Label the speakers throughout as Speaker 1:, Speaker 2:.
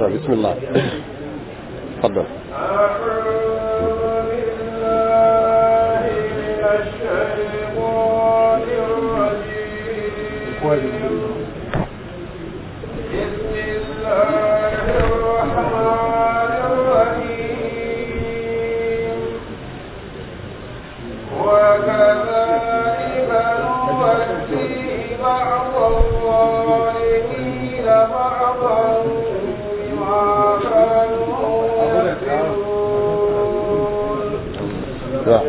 Speaker 1: Да, بسم الله تفضل بسم الله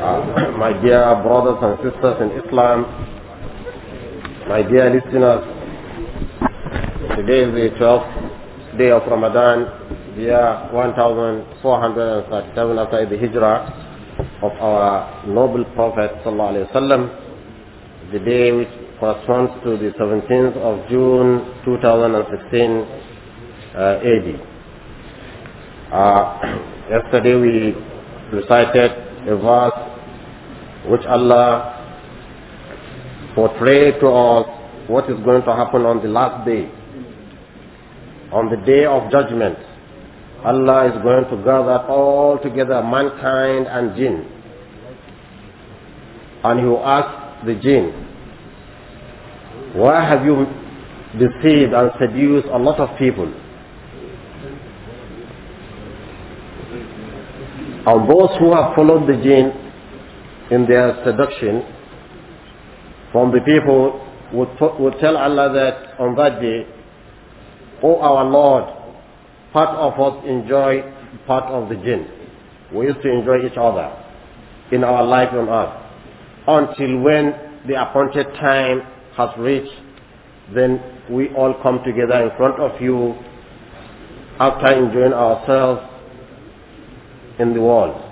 Speaker 1: Uh, my dear brothers and sisters in Islam, my dear listeners, today is the 12th day of Ramadan, the year 1437 after the Hijrah of our noble Prophet Sallallahu the day which corresponds to the 17th of June 2016 uh, AD. Uh, yesterday we recited a verse which Allah portrayed to us what is going to happen on the last day. On the day of judgment, Allah is going to gather all together mankind and jinn. And he will ask the jinn, why have you deceived and seduced a lot of people? And those who have followed the jinn in their seduction from the people would, would tell Allah that on that day, O oh our Lord, part of us enjoy part of the jinn. We used to enjoy each other in our life on earth. Until when the appointed time has reached, then we all come together in front of you after enjoying ourselves in the world.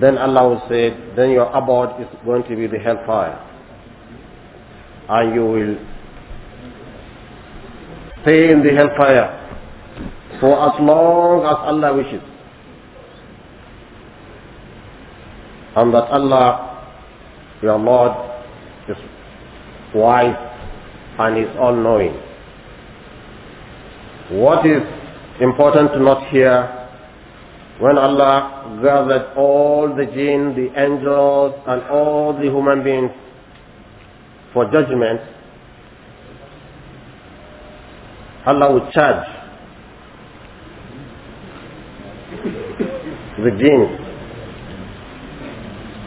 Speaker 1: Then Allah will say, then your abode is going to be the hellfire. And you will stay in the hellfire for as long as Allah wishes. And that Allah, your Lord, is wise and is all-knowing. What is important to note here, when Allah gathered all the jinn, the angels, and all the human beings for judgment, Allah would charge the jinn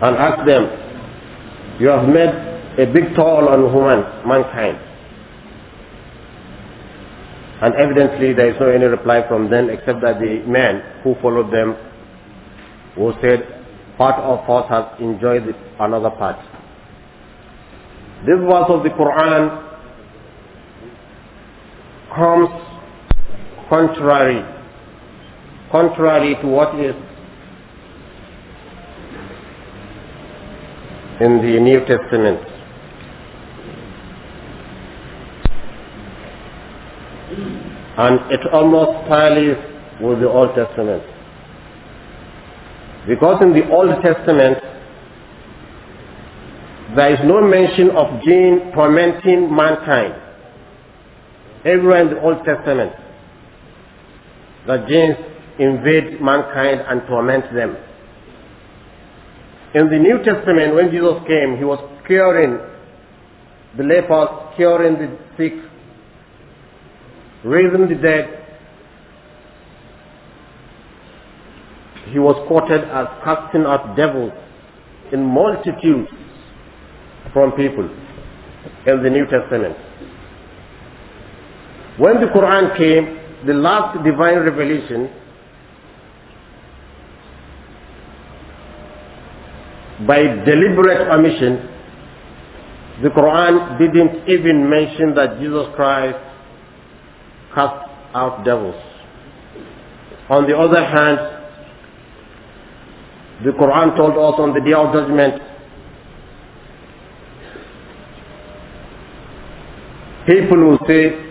Speaker 1: and ask them, you have made a big toll on human, mankind. And evidently there is no any reply from them except that the man who followed them who said, part of us has enjoyed another part. This verse of the Quran comes contrary, contrary to what is in the New Testament. And it almost tallies with the Old Testament. Because in the Old Testament, there is no mention of jinn tormenting mankind. Everywhere in the Old Testament, the jinns invade mankind and torment them. In the New Testament, when Jesus came, he was curing the lepers, curing the sick, raising the dead, he was quoted as casting out devils in multitudes from people in the New Testament. When the Quran came, the last divine revelation, by deliberate omission, the Quran didn't even mention that Jesus Christ cast out devils. On the other hand, the Quran told us on the day of judgment. People will say,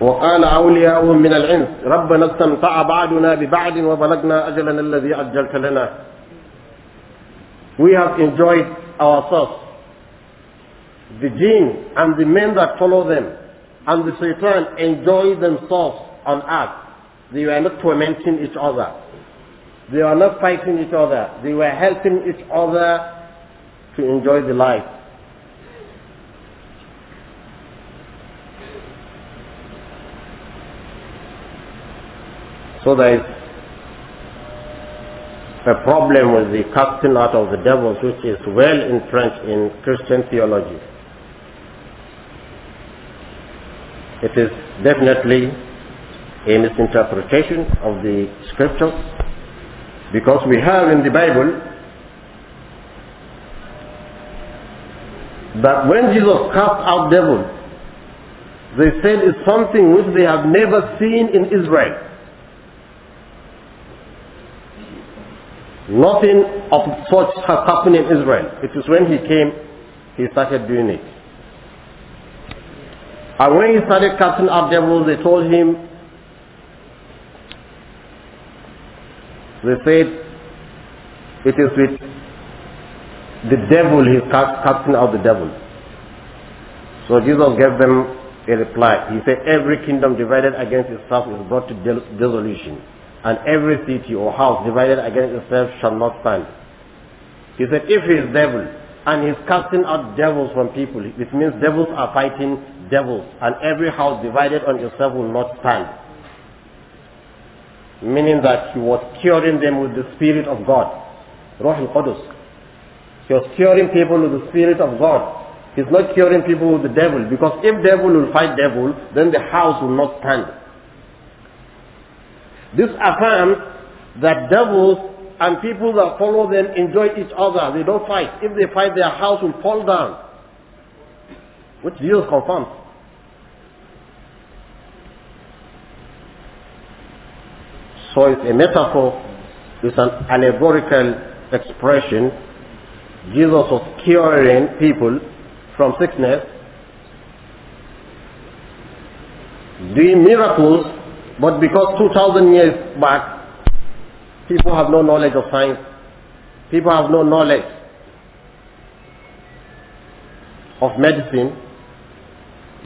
Speaker 1: وقال من العنس ربنا استمتع وبلغنا أجلنا الذي أجلت لنا We have enjoyed ourselves. The jinn and the men that follow them and the shaitan enjoy themselves on earth. They were not tormenting each other. They were not fighting each other. They were helping each other to enjoy the life. So there is a problem with the casting out of the devils which is well entrenched in Christian theology. It is definitely a misinterpretation of the scriptures because we have in the Bible that when Jesus cast out devils, they said it's something which they have never seen in Israel. Nothing of such has happened in Israel. It is when he came, he started doing it. And when he started casting out devils, they told him They said it is with the devil, he's casting out the devil. So Jesus gave them a reply. He said, every kingdom divided against itself is brought to dissolution, and every city or house divided against itself shall not stand. He said, if he is devil, and he's casting out devils from people, it means devils are fighting devils, and every house divided on itself will not stand meaning that he was curing them with the Spirit of God. Ruh al-Qudus. He was curing people with the Spirit of God. He's not curing people with the devil because if devil will fight devil, then the house will not stand. This affirms that devils and people that follow them enjoy each other. They don't fight. If they fight, their house will fall down. Which Jesus confirms. So it's a metaphor, it's an allegorical expression. Jesus was curing people from sickness, doing miracles, but because 2,000 years back, people have no knowledge of science. People have no knowledge of medicine.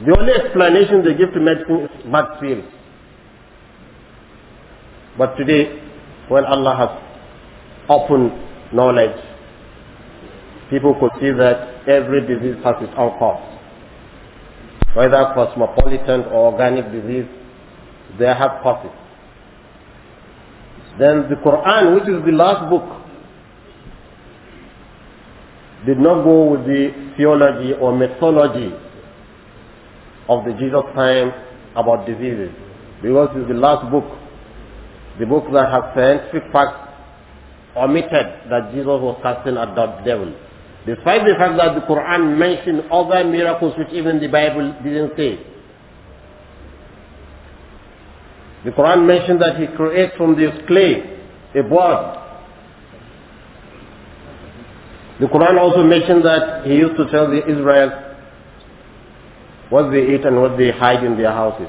Speaker 1: The only explanation they give to medicine is bad but today, when Allah has opened knowledge, people could see that every disease has its own cause. Whether cosmopolitan or organic disease, they have causes. Then the Quran, which is the last book, did not go with the theology or mythology of the Jesus time about diseases because it's the last book the book that has scientific facts omitted that Jesus was casting out the devil. Despite the fact that the Quran mentioned other miracles which even the Bible didn't say. The Quran mentioned that he creates from this clay a bird. The Quran also mentioned that he used to tell the Israel what they eat and what they hide in their houses.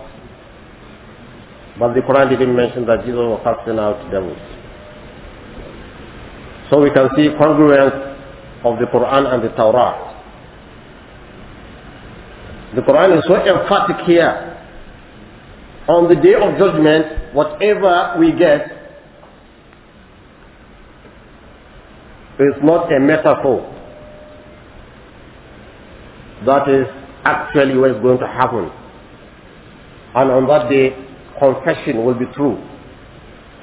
Speaker 1: But the Quran didn't mention that Jesus was casting out devils. So we can see congruence of the Quran and the Torah. The Quran is so emphatic here. On the day of judgment, whatever we get is not a metaphor. That is actually what is going to happen. And on that day, confession will be true.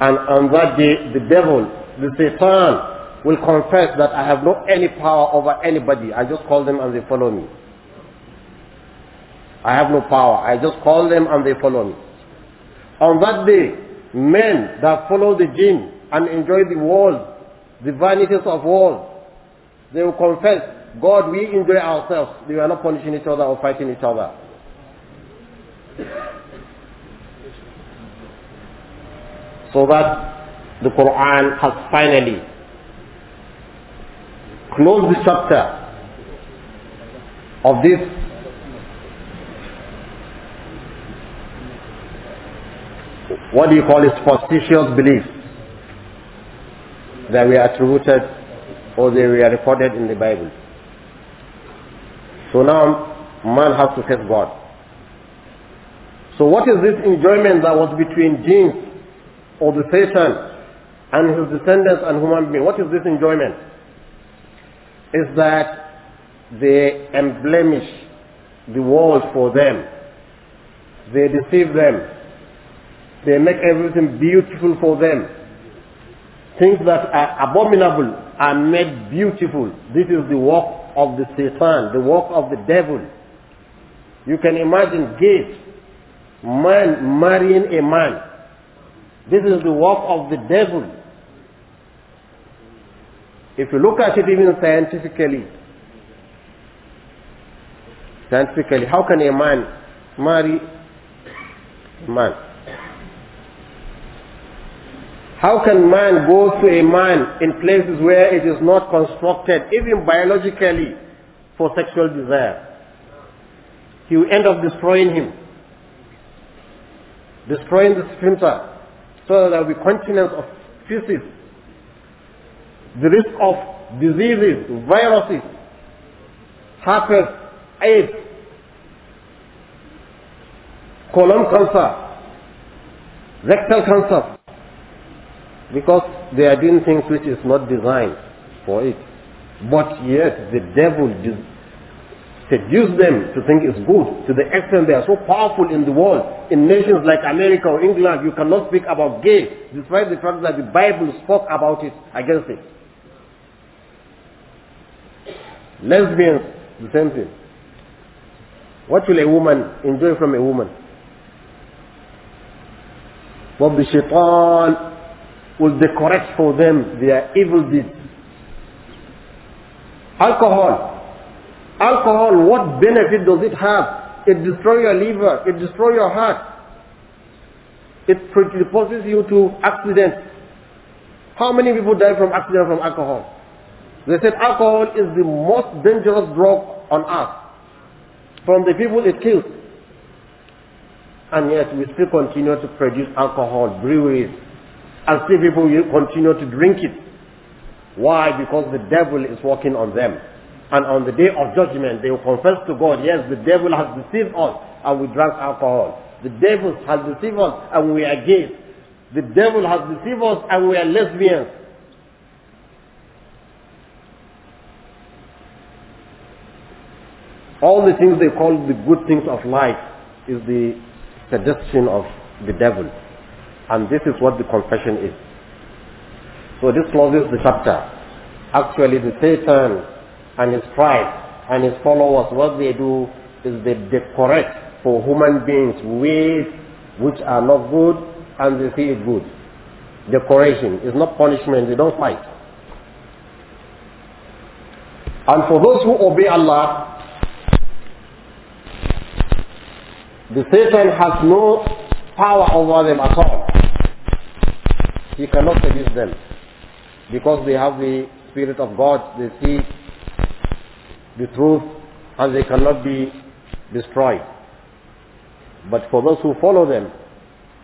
Speaker 1: And on that day, the devil, the Satan, will confess that I have no any power over anybody. I just call them and they follow me. I have no power. I just call them and they follow me. On that day, men that follow the jinn and enjoy the world, the vanities of world, they will confess, God, we enjoy ourselves. We are not punishing each other or fighting each other. so that the Quran has finally closed the chapter of this what do you call it superstitious beliefs that are attributed or they were recorded in the Bible. So now man has to face God. So what is this enjoyment that was between jinns or the Satan and his descendants and human beings. What is this enjoyment? Is that they emblemish the world for them. They deceive them. They make everything beautiful for them. Things that are abominable are made beautiful. This is the work of the Satan, the work of the devil. You can imagine Gates, man marrying a man this is the work of the devil. If you look at it even scientifically, scientifically, how can a man marry a man? How can man go to a man in places where it is not constructed, even biologically, for sexual desire? He will end up destroying him, destroying the sphincter. So there will be continents of feces, the risk of diseases, viruses, herpes, AIDS, colon cancer, rectal cancer, because they are doing things which is not designed for it. But yet the devil seduce them to think it's good to the extent they are so powerful in the world. In nations like America or England, you cannot speak about gay despite the fact that the Bible spoke about it against it. Lesbians, the same thing. What will a woman enjoy from a woman? What the shaitan will decorate for them their evil deeds. Alcohol, Alcohol, what benefit does it have? It destroys your liver, it destroys your heart, it predisposes you to accidents. How many people die from accident from alcohol? They said alcohol is the most dangerous drug on earth. From the people it kills. And yet we still continue to produce alcohol, breweries, and still people continue to drink it. Why? Because the devil is working on them. And on the day of judgment, they will confess to God, yes, the devil has deceived us and we drank alcohol. The devil has deceived us and we are gay. The devil has deceived us and we are lesbians. All the things they call the good things of life is the suggestion of the devil. And this is what the confession is. So this closes the chapter. Actually, the Satan and his tribe and his followers, what they do is they decorate for human beings ways which are not good and they see it good. Decoration is not punishment, they don't fight. And for those who obey Allah, the Satan has no power over them at all. He cannot seduce them because they have the Spirit of God, they see the truth and they cannot be destroyed. But for those who follow them,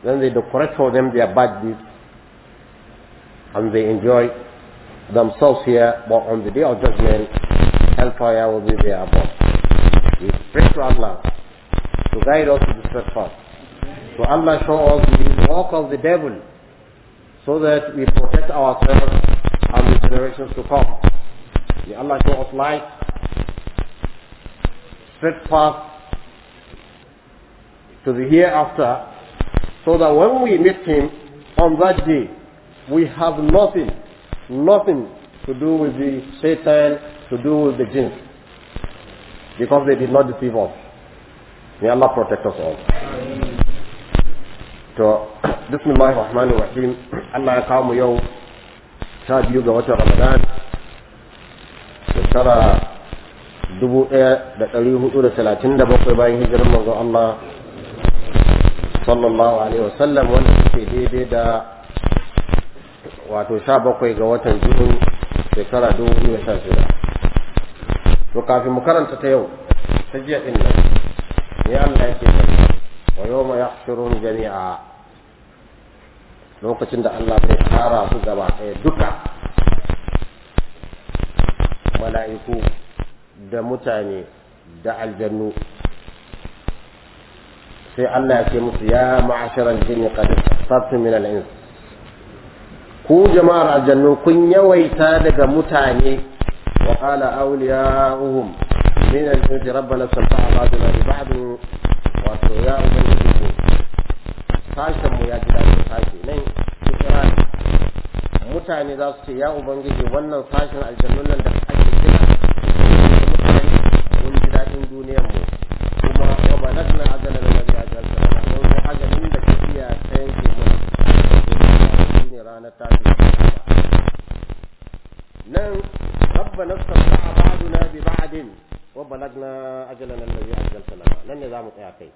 Speaker 1: then they do correct for them their bad deeds and they enjoy themselves here, but on the day of judgment, hellfire will be their abode. We pray to Allah to guide us to the straight path. So Allah show us the walk of the devil so that we protect ourselves and the generations to come. May Allah show us light straight path to the hereafter, so that when we meet him on that day, we have nothing, nothing to do with the Satan, to do with the jinn. Because they did not deceive us. May Allah protect us all. So, Bismillah ar-Rahman ar-Rahim, Allah ya kawo mu yau sha biyu 1437 bayan hijirar manzo Allah sallallahu alaihi wasallam wanda suke daidai da wato sha bakwai ga watan June shekara 2016 to kafin mu karanta ta yau ta jiya ɗin nan ya Allah yake wa yawma yahshurun jami'a lokacin da Allah zai tara su gaba ɗaya duka mala'iku da mutane da aljannu sai Allah ya ce musu ya ma'asharan jinni qad tasabtu min al-ins ku jama'ar aljannu kun yawaita daga mutane wa qala awliya'uhum min al-insi rabbana sabbaha ba'dana li ba'd wa ya ubangiji sashen mu ya ji daɗin sashe nan mutane za su ce ya ubangiji wannan sashen aljannun nan da ake kira cikin duniyar mu kuma wa balagna ajalan nabi ajalan sana mun kai ajalin da kiyaye ta yanke mu shine ranar tashi nan ربنا استطاع بعضنا ببعض وبلغنا أجلنا الذي أجلت لنا لن نظام قياكي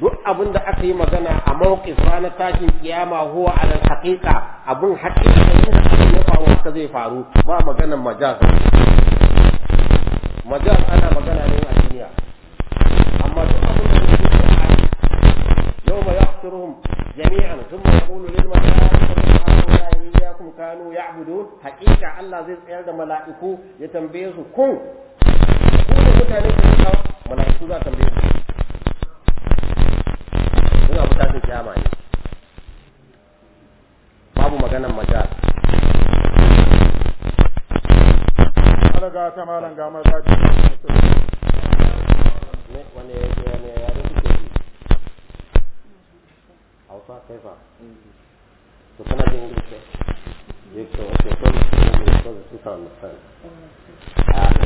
Speaker 1: duk abin da aka yi magana a mawqif ranar tashin kiyama huwa ala haqiqa abin haqiqa da abin ya faru haka zai faru ba maganar majaz majal ana magana ne a duniya amma duk abin da yake da hali yau ma yaqturuhum jami'an thumma yaqulu lil mala'ikati iyyakum kanu ya'budun haqiqa Allah zai tsayar da mala'iku ya tambaye su kun ku da mutane ku kawo mala'iku za tambaye su suna bukatar kiyama ne babu maganan majal Allah ta malam to you ah,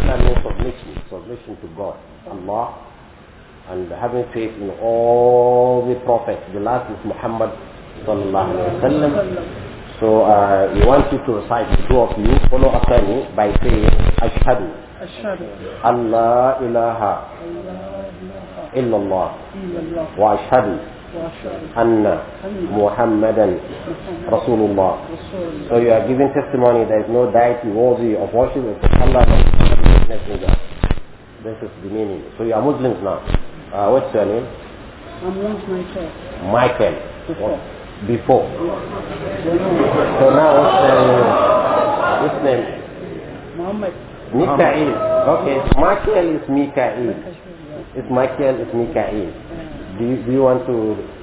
Speaker 1: submission submission to God Allah and having faith in all the prophets the last is Muhammad sallallahu alaihi wasallam so uh, we want you to recite, the two of you, follow after me by saying أشهد أن لا إله إلا الله وأشهد أن محمدا رسول الله So you are giving testimony there is no deity worthy of worship except Allah This is the meaning. So you are Muslims now. Uh, what's your name?
Speaker 2: I'm
Speaker 1: Michael. Michael. Before. Before. So now what's your name? What's name? Muhammad. Mikael. Oh, okay. Michael is Mikael. It's Michael is Mikael. Do you, do you want to,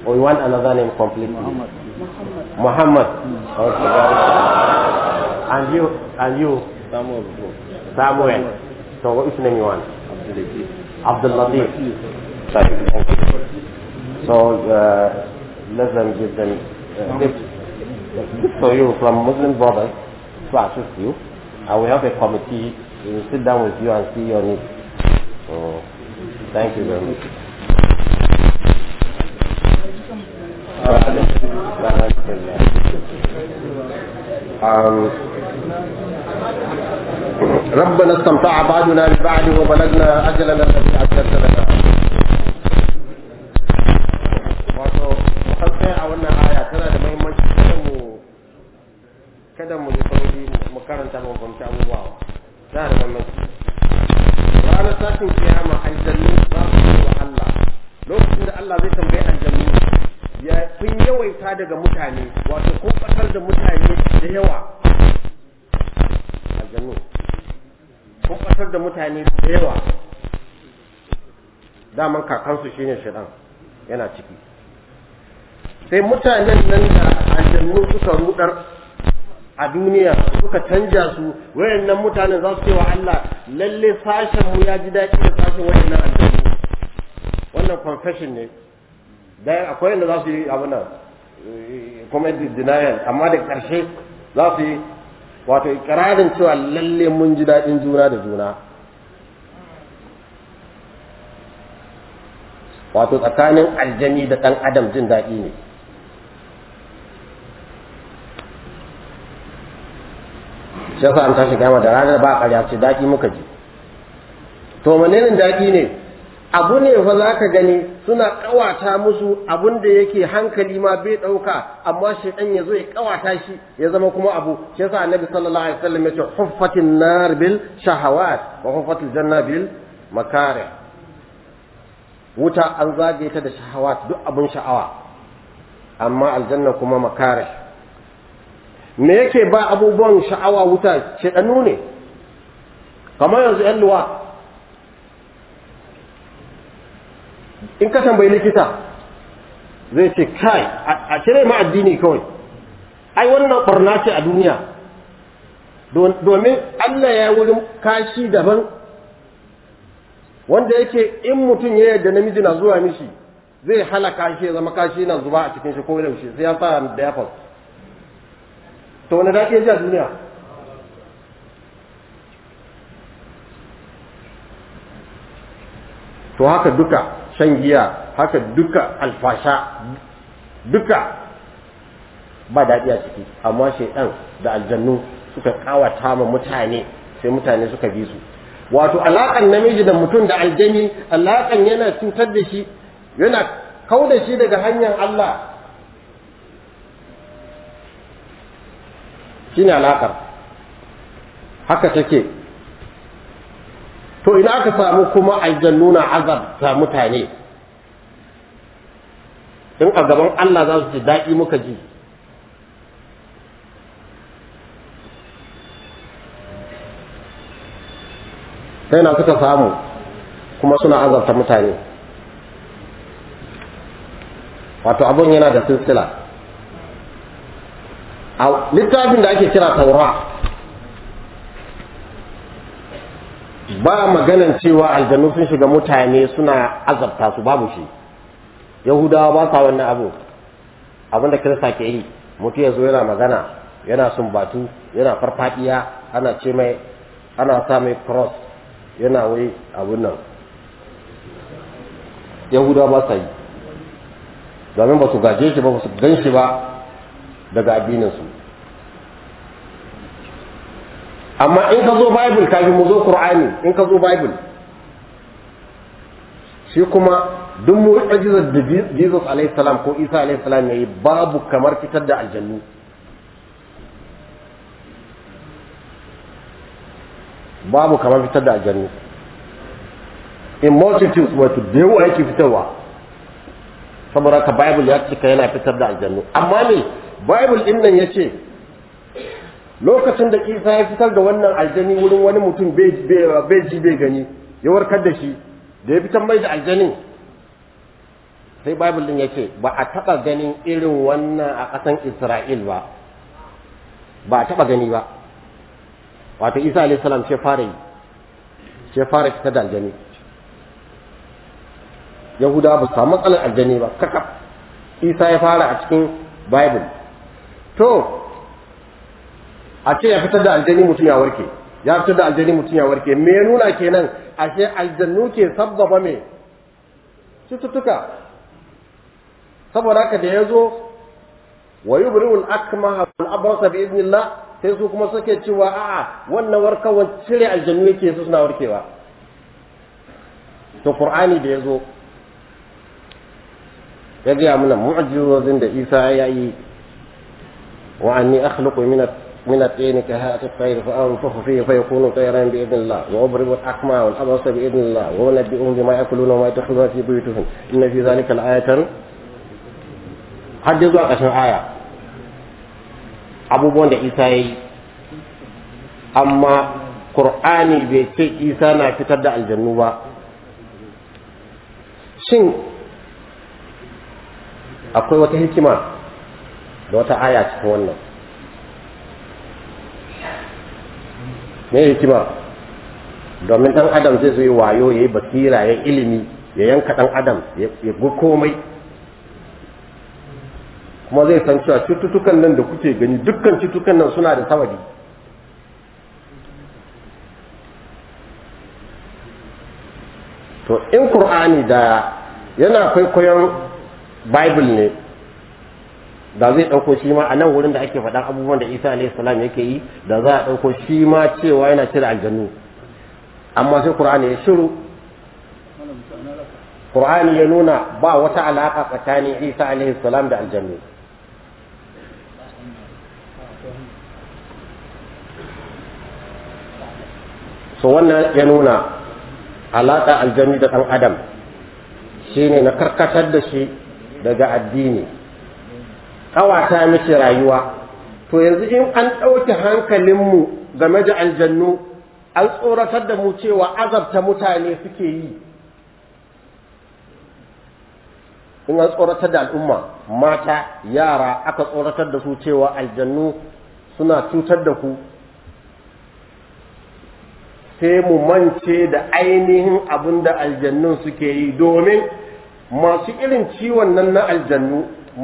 Speaker 1: or you want another name completely? Muhammad. Muhammad. Okay. and you, and you? Samuel. Samuel. So which name you want? Abdul Latif. Sorry, thank you. So uh, let them give them uh, gifts for you from Muslim brothers to assist you. And we have a committee we will sit down with you and see your needs. So, thank you very much. Um, ربنا استمتع بعضنا ببعض وبلغنا اجلنا الذي اجلت لنا shi ne shaɗan yana ciki sai mutanen nan da aljannu suka rudar a duniya suka canja su wayannan mutanen za su ce wa Allah lalle sashen mu ya ji daɗi da sashen wayannan aljannu wannan confession ne dan akwai yadda za su yi abu nan kuma eh, denial amma da ƙarshe za su yi wato ikirarin cewa lalle mun ji daɗin juna da juna wato tsakanin aljani da ɗan adam jin daɗi ne shi yasa an tashi gama da ranar ba ƙarya ce daɗi muka ji to menene daɗi ne abu ne fa za ka gani suna ƙawata musu abun da yake hankali ma bai ɗauka amma shaitan ya zo ya ƙawata shi ya zama kuma abu shi yasa annabi sallallahu alaihi wasallam ya ce huffatin nar bil shahawat wa huffatil janna bil makarih wuta an zage ta da shahawa duk abin sha'awa amma aljanna kuma makare me yake ba abubuwan sha'awa wuta ce ne kamar yanzu yan luwa in ka tambayi likita zai ce kai a cire ma addini kawai ai wannan barna ce a duniya domin allah ya wurin kashi daban wanda yake in mutum ya yarda namiji na zuwa mishi zai halaka shi ya zama kashi na zuba a cikin shi ko yaushe sai ya sa da ya to wani daɗi ya ji a duniya to haka duka shan giya haka duka alfasha duka ba daɗi a ciki amma shaidan da aljannu suka kawata ma mutane sai mutane suka bi su wato alaƙar namiji da mutum da aljami, alaƙan yana cutar da shi yana kau da shi daga hanyar Allah shi ne alaƙar haka take to ina aka samu kuma aljannuna ta mutane in a gaban Allah za su ji daɗi muka ji sai na suka samu kuma suna azabta mutane wato abun yana da silsila a littafin da ake kira taura ba maganan cewa aljanu sun shiga mutane suna azabta su babu shi yahudawa ba sa wannan abu abinda kirista ke yi mutu ya zo yana magana yana sumbatu yana farfadiya ana ce mai ana sa mai cross yana wai abin nan yahuda ba sa yi domin ba su gaje shi ba su gan shi ba daga addininsu amma in ka zo bible kafin mu zo qur'ani in ka zo bible shi kuma duk mu'jizar da Jesus alaihi salam ko Isa alaihi salam yayi babu kamar fitar da aljannu babu kamar fitar da aljannu. in multitudes wato da yawa yake fitarwa saboda ka bible ya cika yana fitar da aljannu amma ne bible din nan yace lokacin da isa ya fitar da wannan aljani wurin wani mutum bai ji bai gani ya warkar da shi da ya fitar mai da aljani sai bible din yace ba a taba ganin irin wannan a kasan isra'il ba ba a taba gani ba wato isa alayhi salam sai fara yi sai fara fitar da aljani yahudawa ba su samu matsalar aljani ba kakaf isa ya fara a cikin bible to a ce ya fitar da aljani mutum ya warke ya fitar da aljani mutum ya warke me ya nuna kenan ashe aljannu ke sabbaba me cututtuka saboda haka da ya zo wa yubri'ul akmaha wal abrasa bi idnillah sai su kuma suke cewa a'a wannan warkarwar cire aljanu yake su suna warkewa to qur'ani da ya zo ya gaya mana mu'ajizozin da isa ya yi wa anni akhluqu min من الطين كهات الطير فأنفخ فيه فيكون طيرا بإذن الله وأبرم الأكمى والأبرص بإذن الله وأنبئهم بما يأكلون وما يدخلون في بيوتهم إن في ذلك لآية حدثوا عشر آية abubuwan da isa ya yi amma ƙur'ani bai ce isa na fitar da aljannu ba shin akwai wata hikima da wata aya cikin wannan me hikima domin ɗan adam zai zo wayo ya yi basira ya yi ilimi ya yanka ɗan adam ya komai kuma zai san cewa cututtukan nan da kuke gani dukkan cututtukan nan suna da sababi to in qur'ani da yana kwaikwayon bible ne da zai ɗauko shi ma a nan wurin da ake faɗan abubuwan da isa alayhi salam yake yi da za a ɗauko shi ma cewa yana cire aljannu amma sai qur'ani ya shiru qur'ani ya nuna ba wata alaka tsakanin isa alayhi salam da aljannu so wannan ya nuna alaƙa aljanni da ɗan adam shine na karkatar da shi daga addini ƙawata mishi rayuwa to yanzu in an ɗauki hankalinmu game da aljannu an tsoratar da mu cewa azabta mutane suke yi in an tsoratar da al'umma mata yara aka tsoratar da su cewa aljannu suna cutar da ku sai mu mance da ainihin abin da aljannun suke yi domin masu irin ciwon nan na aljannu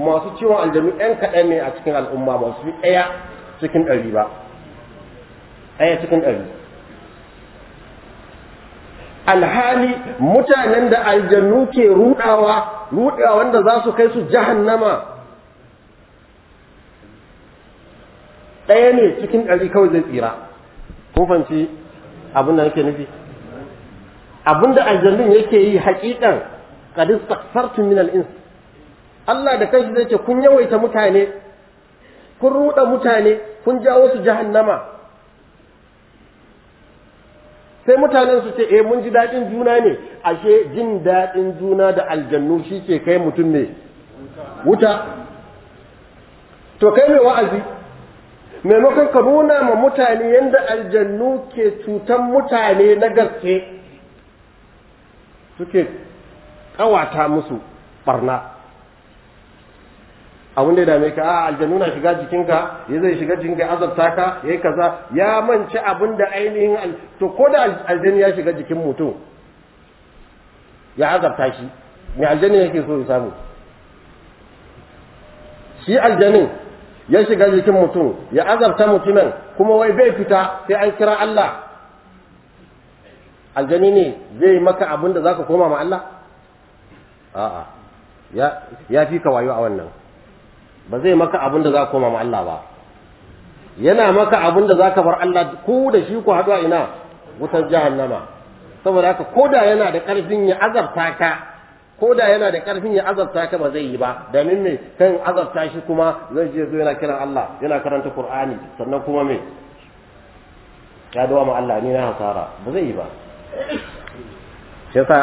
Speaker 1: masu ciwon aljannu ɗan kaɗan ne a cikin al'umma ba su ɗaya cikin ɗari ba ɗaya cikin ɗari alhali mutanen da aljannu ke ruɗawa ruɗawa wanda za su kai su jahannama ɗaya ne cikin ɗari kawai zai tsira kun abin da nake nufi abin da aljannin yake yi haƙiƙan qad istaghfartu min al-ins Allah da kanshi zai ce kun yawaita mutane kun ruɗa mutane kun jawo su jahannama sai mutanen su ce eh mun ji daɗin juna ne ashe jin daɗin juna da aljannu shi ke kai mutum ne wuta to kai mai wa'azi maimakon ka nuna ma mutane yadda aljannu ke cutan mutane na gaske suke kawata musu barna abin da ya dame ka a aljannu na shiga jikinka ya zai shiga jikinka ya azabta ka ya yi kaza ya manci abin da ainihin to ko da aljannu ya shiga jikin mutum ya azabta shi "Mai aljannu yake so ya samu shi aljannu ya shiga jikin mutum ya azabta mutumin kuma wai bai fita sai an kira Allah aljani ne zai maka abin da zaka koma ma Allah a'a ya ya fi ka wayo a wannan ba zai maka abin da zaka koma ma Allah ba yana maka abin da zaka bar Allah ku da shi ku haɗu a ina wutar jahannama saboda haka koda yana da ƙarfin ya azabta ka ko da yana da karfin ya azabta ka ba zai yi ba domin me kan azabta shi kuma zai je zo yana kiran Allah yana karanta Qur'ani sannan kuma me ya dawo ma Allah ni na hasara ba zai yi ba shi sa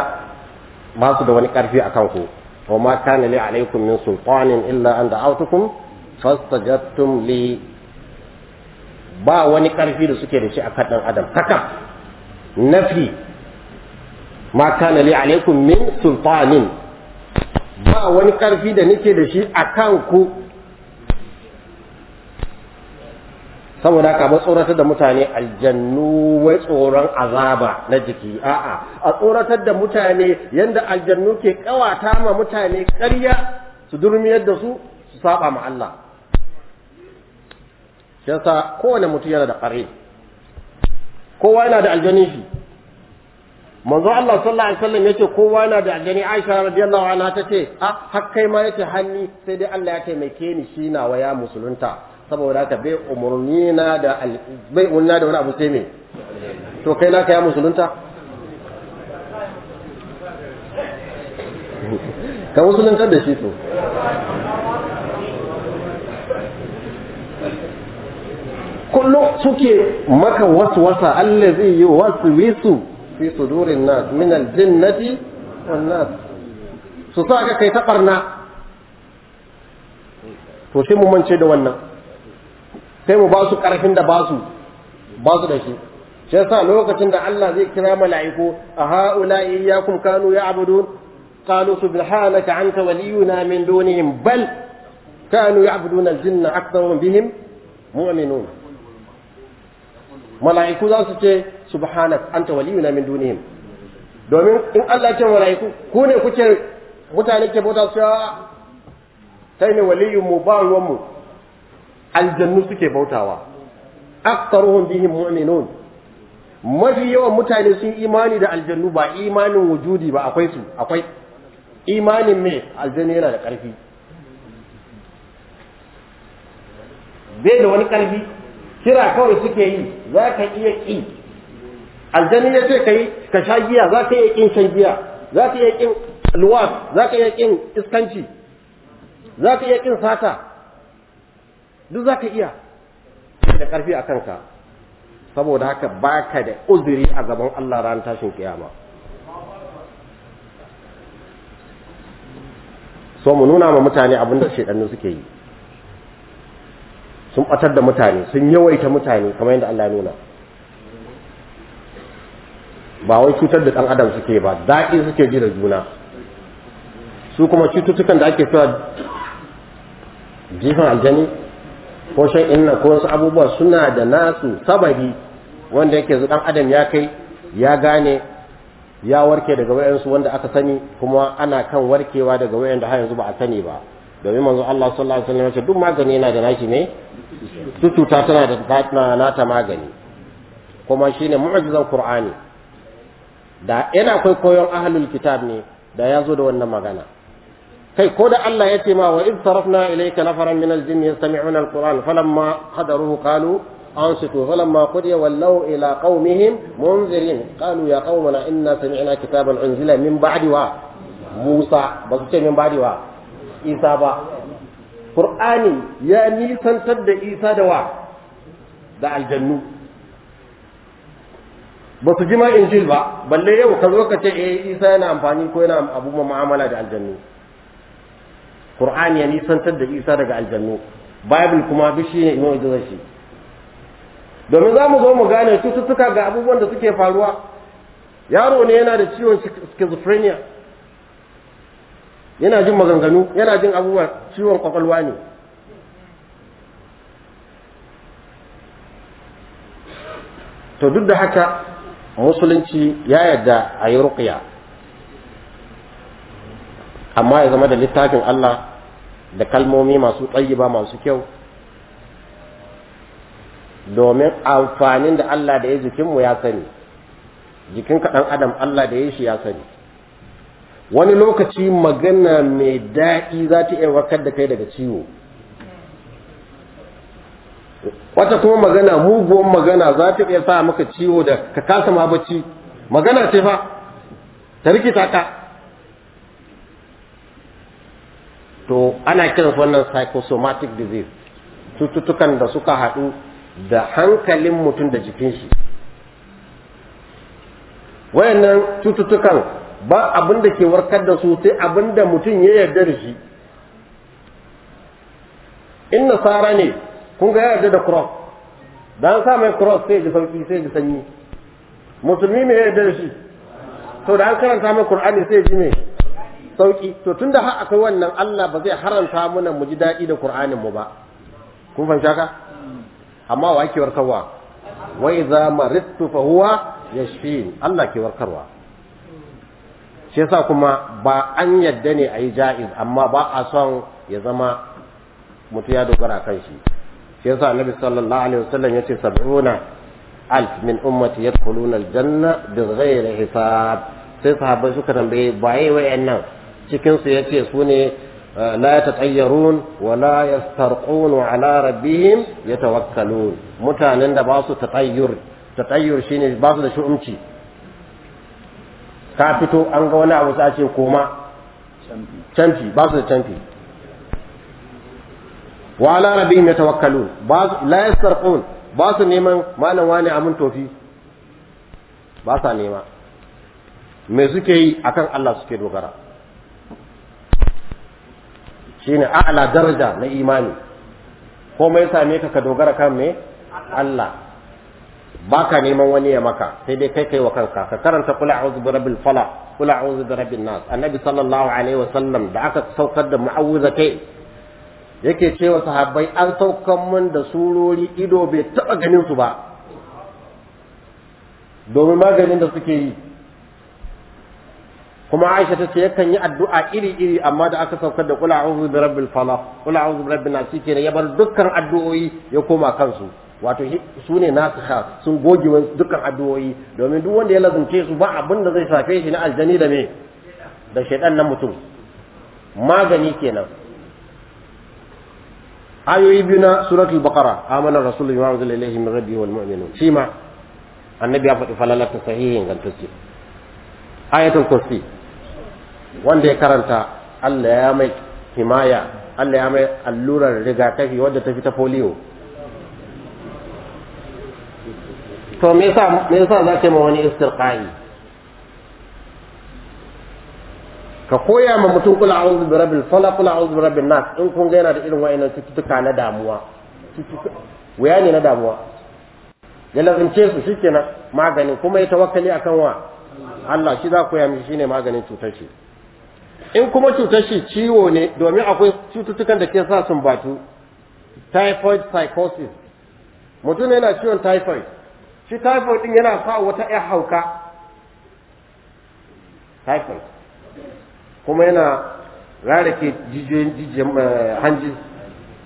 Speaker 1: ba su da wani karfi akan ku wa ma kana li alaikum min sultanin illa an da'awtukum fastajabtum li ba wani karfi da suke da shi akan dan adam haka nafi ma kana li alaikum min sultanin ba wani karfi da nake da shi a kan ku saboda ka ba tsoratar da mutane aljannu wai tsoron azaba na jiki a'a a tsoratar da mutane yanda aljannu ke kawata ma mutane karya su durmiyar da su su saba ma Allah shi yasa kowane mutum yana da ƙare kowa yana da aljanin manzo Allah sallallahu alaihi wasallam yace kowa na da aljani Aisha radiyallahu anha tace a ah, har kai ma yace hanni sai dai Allah ya taimake ni shi na waya musulunta saboda haka bai umurni na da bai unna da wani abu sai me to kai naka ya musulunta
Speaker 2: ka musulunta da shi to
Speaker 1: kullum suke maka wasu wasa Allah zai yi wisu fi sudurin nas min aljinnati wan nas su sa ka kai ta barna to sai mu mance da wannan sai mu ba su karfin da ba su ba su da shi shi yasa lokacin da Allah zai kira mala'iku a ha'ula iyyakum kanu ya'budun qalu subhanaka anta waliyuna min dunihim bal kanu ya'buduna al-jinna bihim mu'minun mala'iku za su ce subhanak anta waliyuna min dunihim domin in Allah ce malaiku ku ne kuke mutane ke bauta su sai ne waliyun mu ba ruwan mu aljannu suke bautawa aktaruhum bihim mu'minun mafi yawan mutane sun imani da aljannu ba imanin wujudi ba akwai su akwai imanin me aljannu yana da karfi bai da wani karfi kira kawai suke yi za ka iya ƙi aljani ya ce kai ka sha giya za ka iya kin shan giya za ka iya kin luwas za ka iya kin iskanci za ka iya kin sata duk za ka iya da ƙarfi a kanka saboda haka ba ka da uzuri a gaban Allah ran tashin kiyama so mu nuna ma mutane abin da shedannu suke yi sun batar da mutane sun yawaita mutane kamar yadda Allah ya nuna ba wai cutar da ɗan adam suke ba daɗi suke ji da juna su kuma cututtukan da ake cewa jifan aljani ko shan inna ko wasu abubuwa suna da nasu sabari wanda yake zuɗan adam ya kai ya gane ya warke daga wayansu wanda aka sani kuma ana kan warkewa daga wayan da har yanzu ba a sani ba domin manzo Allah sallallahu alaihi wasallam ya ce duk magani yana da nashi ne su cuta tana da nata magani kuma shine mu'jizan qur'ani da yana akwai koyon ahlul kitab ne da ya zo da wannan magana kai ko da Allah ya ce ma wa iz sarafna ilayka nafaran min al-jinn yastami'una al-Qur'an falamma hadaruhu qalu ansitu falamma qudiya wallaw ila qaumihim munzirin qalu ya qaumana inna sami'na kitaban unzila min ba'di wa Musa ba su ce min ba'di wa Isa ba Qur'ani ya nisantar da Isa da wa da aljannu ba su ji ma injil ba balle yau ka zo ka ce eh isa yana amfani ko yana abubuwan mu'amala da aljannu qur'ani ya nisantar da isa daga aljannu bible kuma bi shi ne imam da shi domin za mu zo mu gane cututtuka ga abubuwan da suke faruwa yaro ne yana da ciwon schizophrenia yana jin maganganu yana jin abubuwa ciwon kwakwalwa ne to duk da haka musulunci ya yarda a yi ruqya amma ya zama da littafin Allah da kalmomi masu tsayiba masu kyau domin amfanin da Allah da ya jikinmu ya sani jikin kaɗan adam Allah da ya shi ya sani wani lokaci magana mai daɗi za ta iya warkar da kai daga ciwo wata kuma magana muguwan magana za ta iya sa maka ciwo da ka kasa ma bacci magana ce fa ta rikita ka to ana kiran wannan psychosomatic disease cututtukan da suka haɗu da hankalin mutum da jikin shi wayannan cututtukan ba abin da ke warkar da su sai abin da mutum ya yarda da shi in nasara ne kun ga ya yarda da cross dan sa mai cross sai ji sauki sai ji sanyi musulmi mai yarda da shi to da an karanta mai qur'ani sai ji me sauki to tunda har akai wannan Allah ba zai haranta muna mu ji daɗi da qur'anin mu ba kun fahimta ka amma wa yake warkarwa wa idza maridtu fa huwa yashfin Allah ke warkarwa shi yasa kuma ba an yadda ne a yi ja'iz amma ba a son ya zama mutu ya dogara kan shi shi yasa annabi sallallahu alaihi wasallam yace sab'una alf min ummati yadkhuluna aljanna bighairi hisab sai sahabbai suka tambaye baye wayannan cikin su yace su ne eh, la yatatayyarun wa la yastarqun ala rabbihim yatawakkalun mutanen da ba su tatayyur tatayyur shine ba su da shu'umci ka fito an ga wani abu sai ce koma canfi ba su da canfi wa ala rabbihim yatawakkalun ba la yasarqun ba su neman malam wani amin tofi ba sa nema me suke yi akan Allah suke dogara shine a'la daraja na imani ko mai same ka ka dogara kan me Allah baka neman wani ya maka sai dai kai kai wa kanka ka karanta qul a'udhu bi rabbil falaq qul a'udhu bi rabbin nas annabi sallallahu alaihi wasallam da aka saukar da mu'awwizatai yake cewa sahabbai an saukan mun da surori ido bai taɓa ganin su ba domin maganin da suke yi kuma Aisha ta ce yakan yi addu'a iri-iri amma da aka saukar da kula a'udhu bi rabbil falaq kula a'udhu bi rabbin nas ya bar dukkan addu'o'i ya koma kansu wato su ne sun goge dukkan addu'o'i domin duk wanda ya lazunce su ba abin da zai shafe shi na aljani da me da shaidan na mutum magani kenan ayoyi biyu na suratul baqara amana rasulullahi wa anzala ilayhi min rabbihi wal mu'minun shi annabi ya faɗi falalata sahihin gantacce ayatul kursi wanda ya karanta Allah ya mai himaya Allah ya mai allurar rigakafi wadda ta fi ta polio to me yasa me yasa zaka yi ma wani istirqai ka koya ma mutum kula a'udhu bi rabbil falaq kula a'udhu bi rabbin nas in kun ga yana da irin wa'annan cututtuka na damuwa wuya ne na damuwa ya lazince su shikenan maganin kuma ya tawakkali akan wa Allah shi za ku koya mishi shine maganin cutar shi in kuma cutar shi ciwo ne domin akwai cututtukan da ke sa sun batu typhoid psychosis mutum yana ciwon typhoid shi typhoid din yana sa wata 'yar hauka typhoid kuma yana ke jijiyoyin jijiyan eh, hanji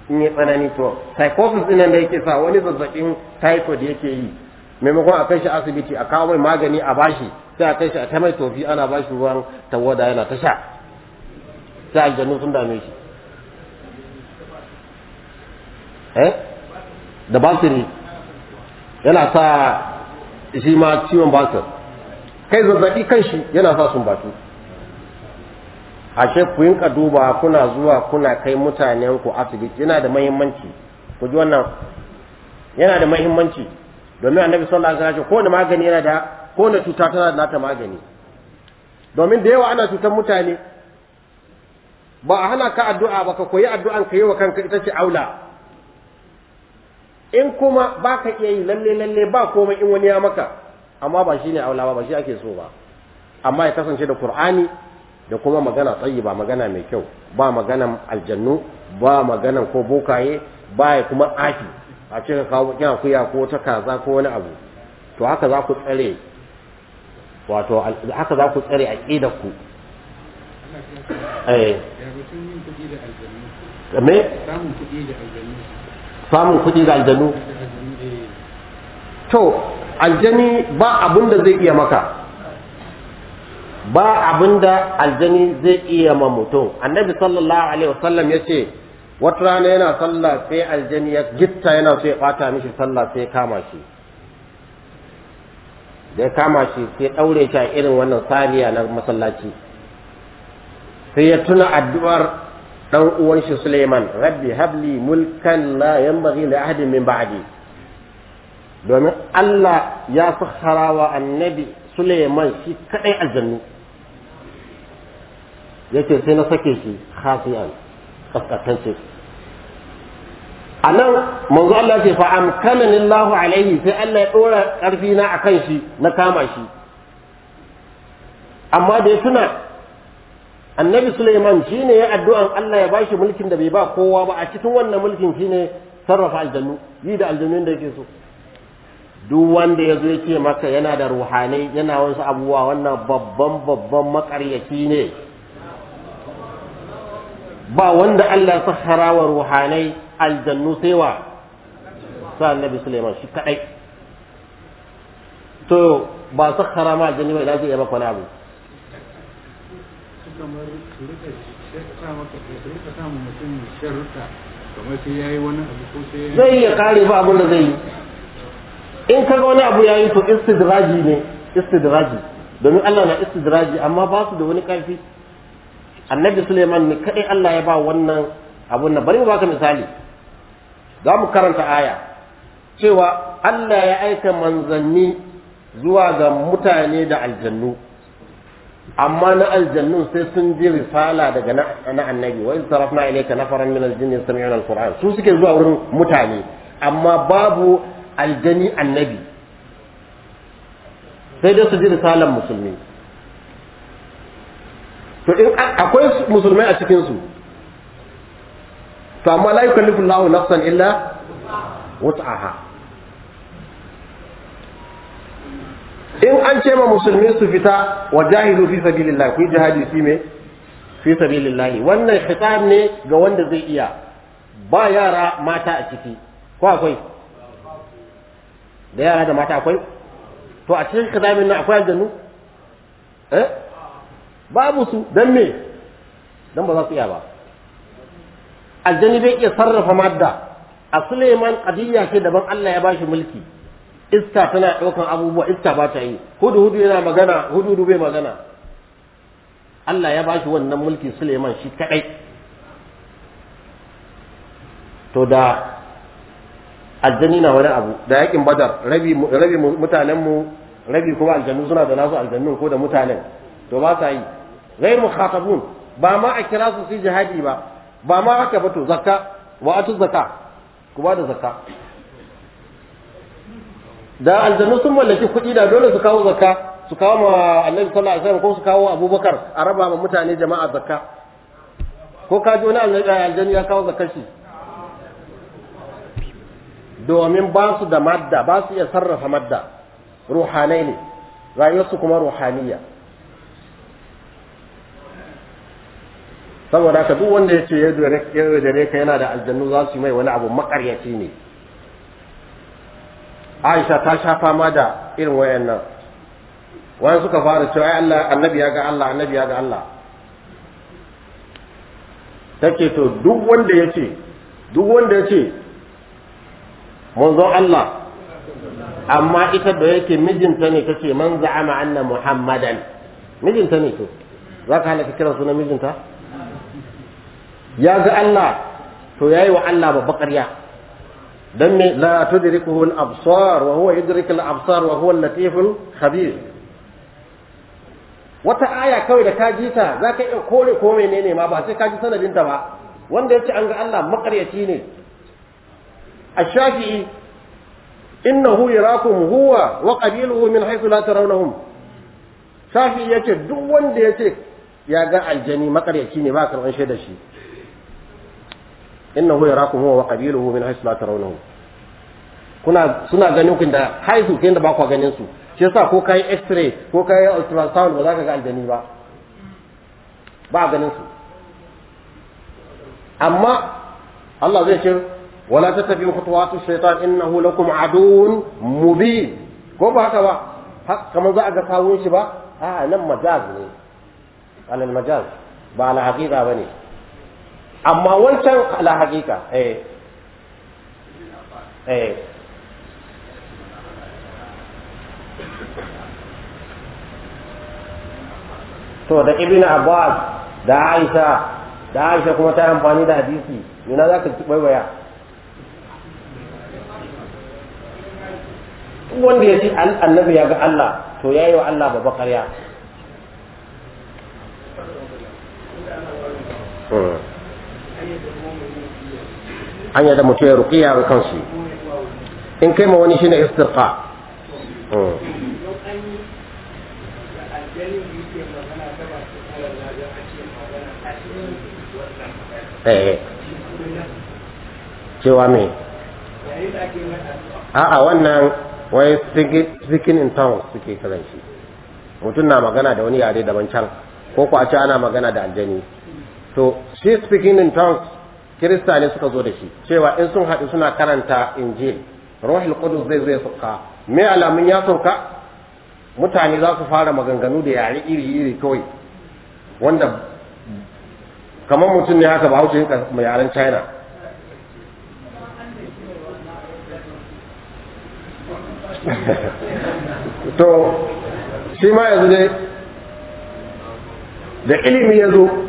Speaker 1: in yi tsanani to psychosis din nan da yake sa wani zazzabin typhoid yake yi maimakon a kai shi asibiti a kawo mai magani a bashi sai a kai shi a ta mai tofi ana bashi ruwan tawada yana ta sha sai aljanu sun dame shi eh da basiri yana sa shi ma ciwon basir kai zazzabi kan shi yana sa sun batu ashe ku yinka duba kuna zuwa kuna kai mutanen ku asibiti yana da muhimmanci ku ji wannan yana da muhimmanci domin annabi sallallahu alaihi wasallam ko ne magani yana da ko ne cuta tana da nata magani domin da yawa ana cutar mutane ba a hana ka addu'a ba ka koyi addu'an ka yi wa kanka ita ce aula in kuma ba ka iya yi lalle lalle ba komai in wani ya maka amma ba shine aula ba ba shi ake so ba amma ya kasance da qur'ani da kuma magana ba magana mai kyau ba maganan aljannu ba maganan ko bokaye ba kuma aki a cikin kawo kyan kuya ko ta kaza ko wani abu to haka za ku tsare wato haka za ku tsare ku eh. me
Speaker 3: samun kuɗi da aljannu
Speaker 1: samun kuɗi da aljannu eh. to aljani ba abin da zai iya maka ba da aljani zai iya ma mutum annabi sallallahu alaihi wasallam yace wata rana yana sallah sai aljani ya gitta yana so ya bata mishi sallah sai ya kama shi da ya kama shi sai daure shi a irin wannan sariya na masallaci sai ya tuna addu'ar dan uwan shi Suleiman rabbi habli mulkan la yanbaghi li ahadin min ba'di domin Allah ya saharawa annabi Suleiman shi kadai aljannu yace sai na sake shi khasi'an kaskatacce a nan manzo Allah ce fa amkanani Allahu alaihi sai Allah ya dora karfi na akan shi na kama shi amma da ya tuna annabi Suleiman shine ya addu'an Allah ya bashi mulkin da bai ba kowa ba a cikin wannan mulkin shine sarrafa aljannu yi da aljannun da yake so duk wanda ya zo ya ce maka yana da ruhanai yana wasu abubuwa wannan babban babban makaryaci ne ba wanda Allah sahara wa ruhanai aljannu sai wa sa annabi Sulaiman shi kadai to ba sahara ma aljannu ba idan ya yaba kwana abu
Speaker 2: zai iya kare ba abin da zai
Speaker 1: yi in kaga wani abu yayi to istidraji ne istidraji domin Allah na istidraji amma ba su da wani karfi annabi Suleiman ne kadai Allah ya ba wannan abun nan bari mu baka misali za mu karanta aya cewa Allah ya aika manzanni zuwa ga mutane da aljannu amma na aljannun sai sun ji risala daga na annabi wa sarafna ilayka nafaran min aljinn yastami'una alquran su suke zuwa wurin mutane amma babu aljani annabi sai dai su ji risalan musulmi to in akwai musulmai a cikin su to amma la yukallifu Allahu nafsan illa wus'aha in an ce ma musulmi su fita wa jahidu fi sabilillah ku jihadi fi me fi sabilillah wannan khitab ne ga wanda zai iya ba yara mata a ciki ko akwai da yara da mata akwai to a cikin khitamin nan akwai aljannu eh babu su dan me dan ba za su iya ba aljani bai iya sarrafa madda a Suleiman kadiyya ce daban Allah ya bashi mulki iska tana ɗaukan abubuwa iska ba ta yi hudu hudu yana magana hudu hudu bai magana Allah ya bashi wannan mulki Suleiman shi kadai to da aljani na wani abu da yakin badar rabi mutanenmu rabi kuma aljanu suna da nasu aljannun ko da mutanen to ba sa yi ghayr mukhatabun ba ma a kira su jihadi ba ba ma haka ba to zakka wa atu zakka ku ba da zakka da aljannu sun mallaki kuɗi da dole su kawo zakka su kawo ma annabi sallallahu alaihi wasallam ko su kawo abubakar a raba ma mutane jama'a zakka ko ka ji wani aljannu ya kawo zakkar shi domin ba su da madda ba su iya sarrafa madda ruhanai ne rayuwarsu kuma ruhaniya saboda ka duk wanda ya ce ya dare ka yana da aljannu za su yi mai wani abu makaryaci ne aisha ta sha fama da irin wayannan wani suka fara cewa ai Allah annabi ya ga Allah annabi ya ga Allah take to duk wanda ya ce duk wanda ya ce manzon Allah amma ita da yake mijinta ne kace man za'ama anna muhammadan mijinta ne to zaka halaka kira sunan mijinta ya ga Allah to yayi wa Allah babba ƙarya dan me la tudrikuhu al-absar wa huwa yudriku al-absar wa huwa al-latiful khabir wata aya kawai da ka ji ta zaka iya kore ko menene ma ba sai ka ji sanadin ta ba wanda yace an ga Allah maƙaryaci ne ash-shafi'i innahu yarakum huwa wa qabiluhu min haythu la tarawnahum shafi'i yace duk wanda yace ya ga aljani makaryaci ne ba karban shaidar shi innahu yarakum huwa wa qabiluhu min haythu la tarawnahu kuna suna ganin ku da haihu kai da ba ku ganin su shi yasa ko kai x-ray ko kai ultrasound ba za ka ga aljani ba ba ganin su amma Allah zai ce wala tatabi khutuwatu shaytan innahu lakum aduun mubin ko ba haka ba kamar za a ga kawun shi ba a nan majaz ne alal majaz ba ala haqiqa bane amma wancan ala hakika eh eh to da ibn abbas da aisha da aisha kuma ta amfani da hadisi yana za ka baiwaya wanda ya ce annabi ya ga Allah to ya yi wa Allah babbar karya
Speaker 2: hanya da mutum ya ruqiya ga kansu
Speaker 1: in kai ma wani shi ne istirka
Speaker 2: hmm. eh, eh.
Speaker 1: cewa me
Speaker 3: a'a wannan
Speaker 1: wai speaking in tongues suke kiran shi mutum na magana da wani yare daban can ko ko a ce ana magana da aljani to shi speaking in tongues kirista ne suka zo da shi cewa in sun haɗu suna karanta injil ruhul qudus zai zai sauka me alamun ya sauka mutane za su fara maganganu da yare iri iri kawai wanda kamar mutum ne haka ba hausa mai yaren china to shi ma yanzu dai da ilimi ya zo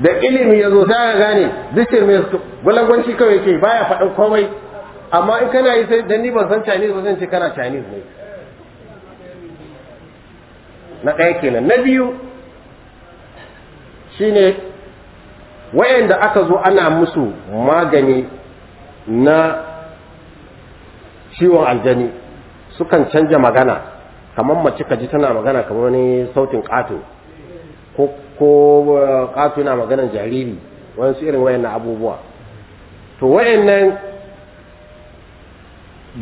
Speaker 1: da ilimi ya zo za gane dishir mai gulagwanci kawai ke baya faɗin komai amma in kana yi sai dan ni ban san Chinese ba zan ce kana Chinese ne na ɗaya kenan na biyu shine wayanda aka zo ana musu magani na ciwon aljani sukan canja magana kamar mace ka ji tana magana kamar wani sautin ƙato ko ko eh, ƙato yana jariri wasu irin wayannan abubuwa to wayannan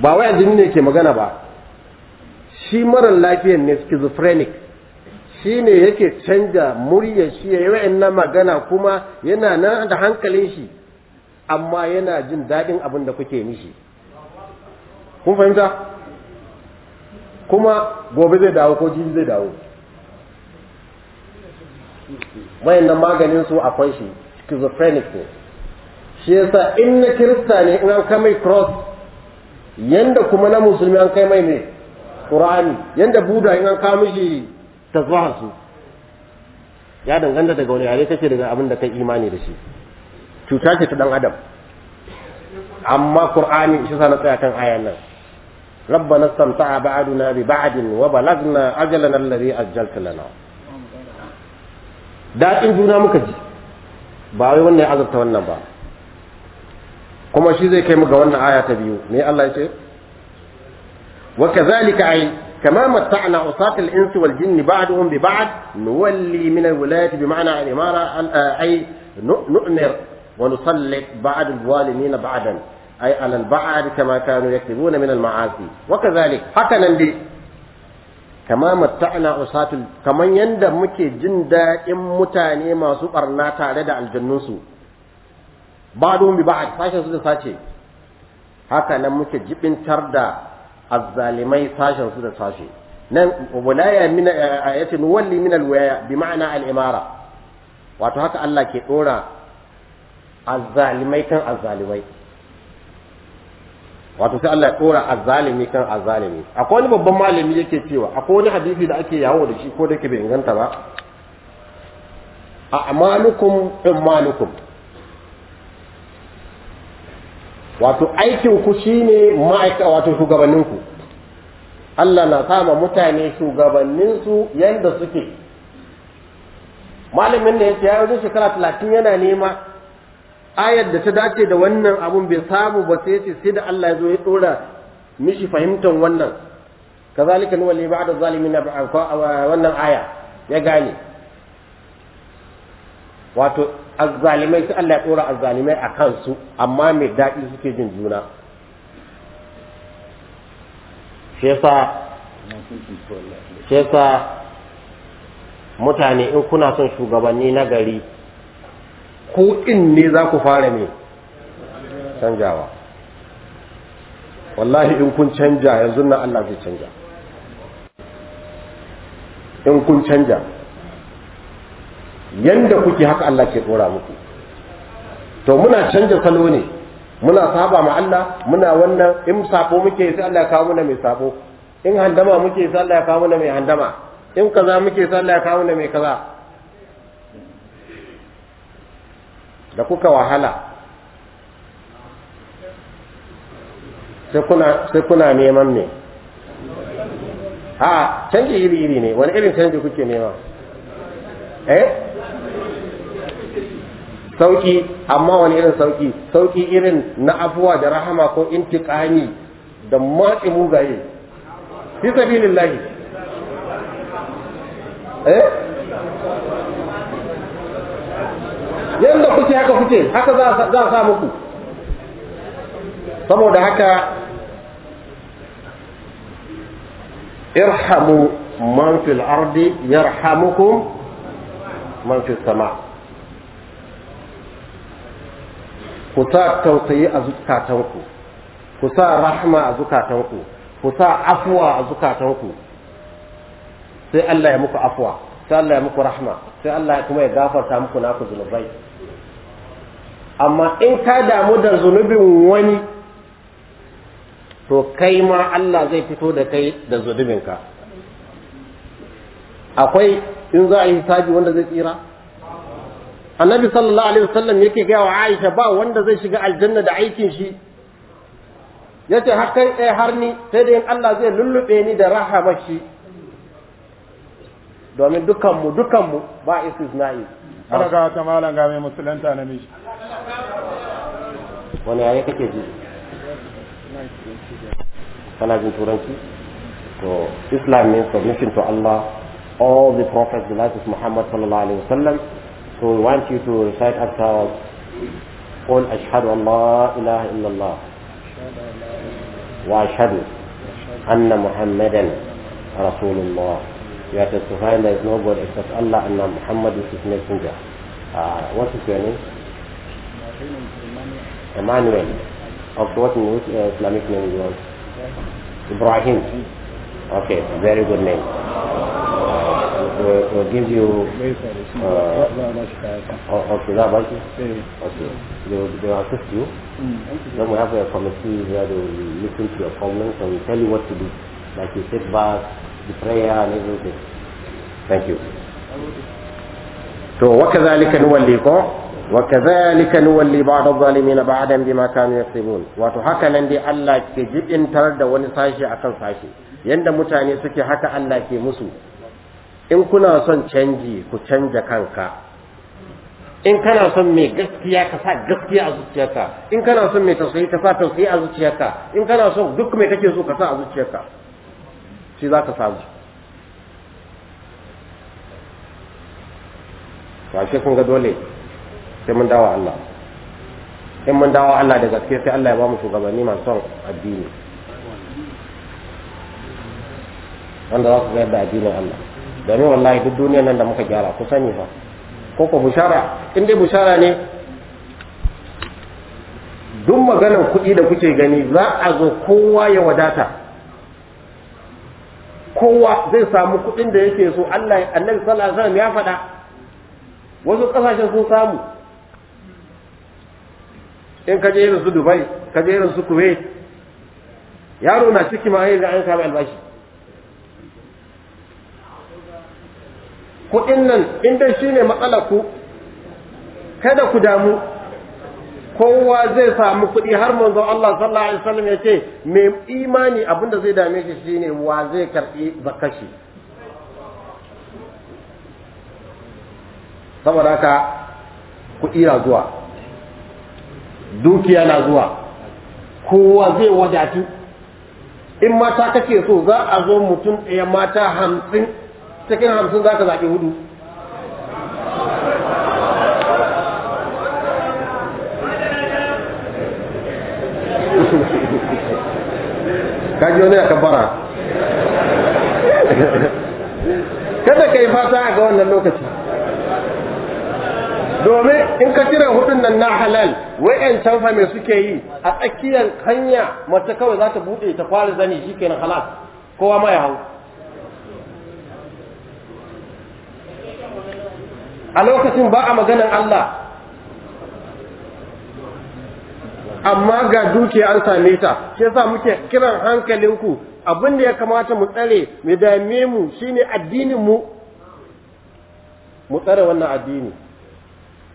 Speaker 1: ba wayan jini ne ke magana ba shi marar lafiyan ne schizophrenic shi ne yake canja muryar shi ya yi wayannan magana kuma yana nan da hankalin shi amma yana jin daɗin abin da kuke mishi kun fahimta kuma gobe zai dawo ko jini zai dawo wayannan maganin su akwai shi schizophrenic ne shi yasa in na kirista ne in an kai mai cross yanda kuma na musulmi an kai mai ne qur'ani yanda buda in an kawo mishi tazwahar su ya danganta daga wani yare kake daga abin da kai imani da shi cuta ce ta dan adam amma qur'ani shi sa na tsaya kan ayan nan ربنا استمتع بعدنا ببعد وبلغنا أجلنا الذي أجلت لنا daɗin juna muka ji ba wai wannan ya azabta wannan ba kuma shi zai kai mu ga wannan aya ta biyu me Allah ya ce wa kadhalika ay kama matta'na usat al wal jinni ba'dhum bi ba'd nuwalli min al-wilayati bi ma'na al-imara eh, ay nu'mir wa nusallit ba'd al-zalimin ba'dan ay al-ba'd kama kanu yaktubuna min al-ma'asi wa haka nan dai kama matta'na usatul kaman yanda muke jin daɗin mutane masu barna tare da aljannunsu ba'dhum bi ba'd sashen su da sace haka nan muke jibintar da azzalimai sashen su da sashe nan walaya min eh, ayatin walli min alwaya bi ma'ana al'imara, wato haka Allah ke dora azzalimai kan azzalimai wato sai Allah ya dora azzalimi kan azzalimi akwai wani babban malami yake cewa akwai wani hadisi da ake yawo da shi ko da yake bai inganta ba a amalukum imanukum wato aikin ku shine ma'aika wato shugabannin ku Allah na sama mutane shugabannin su yanda suke malamin ne ya yi ya shekara 30 yana nema ayar da ta dace da wannan abun bai samu ba sai ce sai da Allah ya zo ya dora mishi fahimtar wannan kazalika ni wali ba'da zalimin wannan aya ya gane wato azzalimai sai Allah ya dora azzalimai a kansu amma mai daɗi suke jin juna shi yasa mutane in kuna son shugabanni na gari ko in ne za ku fara ne canjawa wallahi in kun canja yanzu na Allah zai canja in kun canja yanda kuke haka Allah ke dora muku to muna canja salo ne muna saba ma Allah muna wannan in sabo muke sai Allah ya kawo mana mai sabo in handama muke sai Allah ya kawo mana mai handama in kaza muke sai Allah ya kawo mana mai kaza da kuka wahala sai kuna neman ne a canji iri-iri ne wani irin canji kuke nema eh sauki amma wani irin sauki sauki irin na afuwa da rahama ko intiƙami da matsi mugaye fi sabilillahi
Speaker 2: eh yanda kuke haka kuke
Speaker 1: haka za a sa muku
Speaker 2: saboda haka
Speaker 1: irhamu man fil ardi yarhamukum man fil sama ku sa tausayi a zukatanku ku sa rahma a zukatanku ku sa afuwa a zukatanku sai Allah ya muku afuwa sai Allah ya muku rahma sai Allah ya kuma ya gafarta muku naku zunubai amma in ka damu da zunubin wani to kai ma Allah zai fito da kai da ka, akwai in za a yi hisabi wanda zai tsira annabi sallallahu alaihi wasallam yake gaya wa Aisha ba wanda zai shiga aljanna da aikin shi yace har kai har ni sai dai in Allah zai lullube ni da rahama shi domin dukanmu dukanmu ba istisna'i ana ga ta malam ga mai musulunta na miji wani yayi kake ji kana jin turanci to islam means submission to allah all the prophets the life of muhammad sallallahu alaihi wasallam so we want you to recite after us قل أشهد أن لا إله إلا الله وأشهد أن محمدا رسول الله You have to testifying there is no God except Allah and Muhammad is his messenger. Uh, what is your name? Emmanuel. Of what which uh, Islamic name you want? Ibrahim. Okay, very good name. Uh, we'll, we'll give you...
Speaker 3: Uh, okay,
Speaker 1: that about Okay. They will, assist you. Mm. Then we have a committee here to listen to your comments and tell you what to do. Like you sit back, the prayer and everything. Thank you. So, وكذلك نولي وكذلك نولي بعض الظالمين بعدا بما ya يكسبون wato haka nan dai Allah ke jibintar da wani sashi akan sashi yanda mutane suke haka Allah ke musu in kuna son canji ku canja kanka in kana son mai gaskiya ka sa gaskiya a zuciyarka in kana son mai tausayi ka sa tausayi a zuciyarka in kana son duk mai kake so ka sa a zuciyarka shi za ka samu washe kun ga dole sai mun dawa Allah in mun dawa Allah da gaske sai Allah ya ba mu shugabanni masu son addini wanda za su ga yadda addinin Allah domin wallahi duk duniyar nan da muka gyara ku sani fa ko ko bushara in dai bushara ne duk maganar kuɗi da kuke gani za a zo kowa ya wadata kowa zai samu kuɗin da yake so Allah annabi sallallahu alaihi wasallam ya faɗa wasu ƙasashe sun samu in ka je irin su Dubai ka je irin su Kuwait yaro na ciki ma da an samu albashi kuɗin nan in dai shine matsalar ku kada ku damu kowa zai samu kuɗi har manzon Allah sallallahu alaihi wasallam ya ce me imani abin da zai dame shi shine wa zai karɓi zakashi saboda haka kuɗi na zuwa dukiya na zuwa kowa zai wadatu in mata kake so za a zo mutum ɗaya mata hamsin cikin hamsin za ka zaɓi hudu kaji wani a kada ka yi fata a ga wannan lokaci domin in ka cire hudun nan na halal wa'yan canfa mai suke yi a tsakiyar hanya mace kawai za ta buɗe ta fara zani shi na halal kowa ma ya hau a lokacin ba a maganan Allah amma ga dukiya an same ta shi yasa muke kiran hankalinku abin da ya kamata mu tsare mu dame mu shine addinin mu mu tsare wannan addini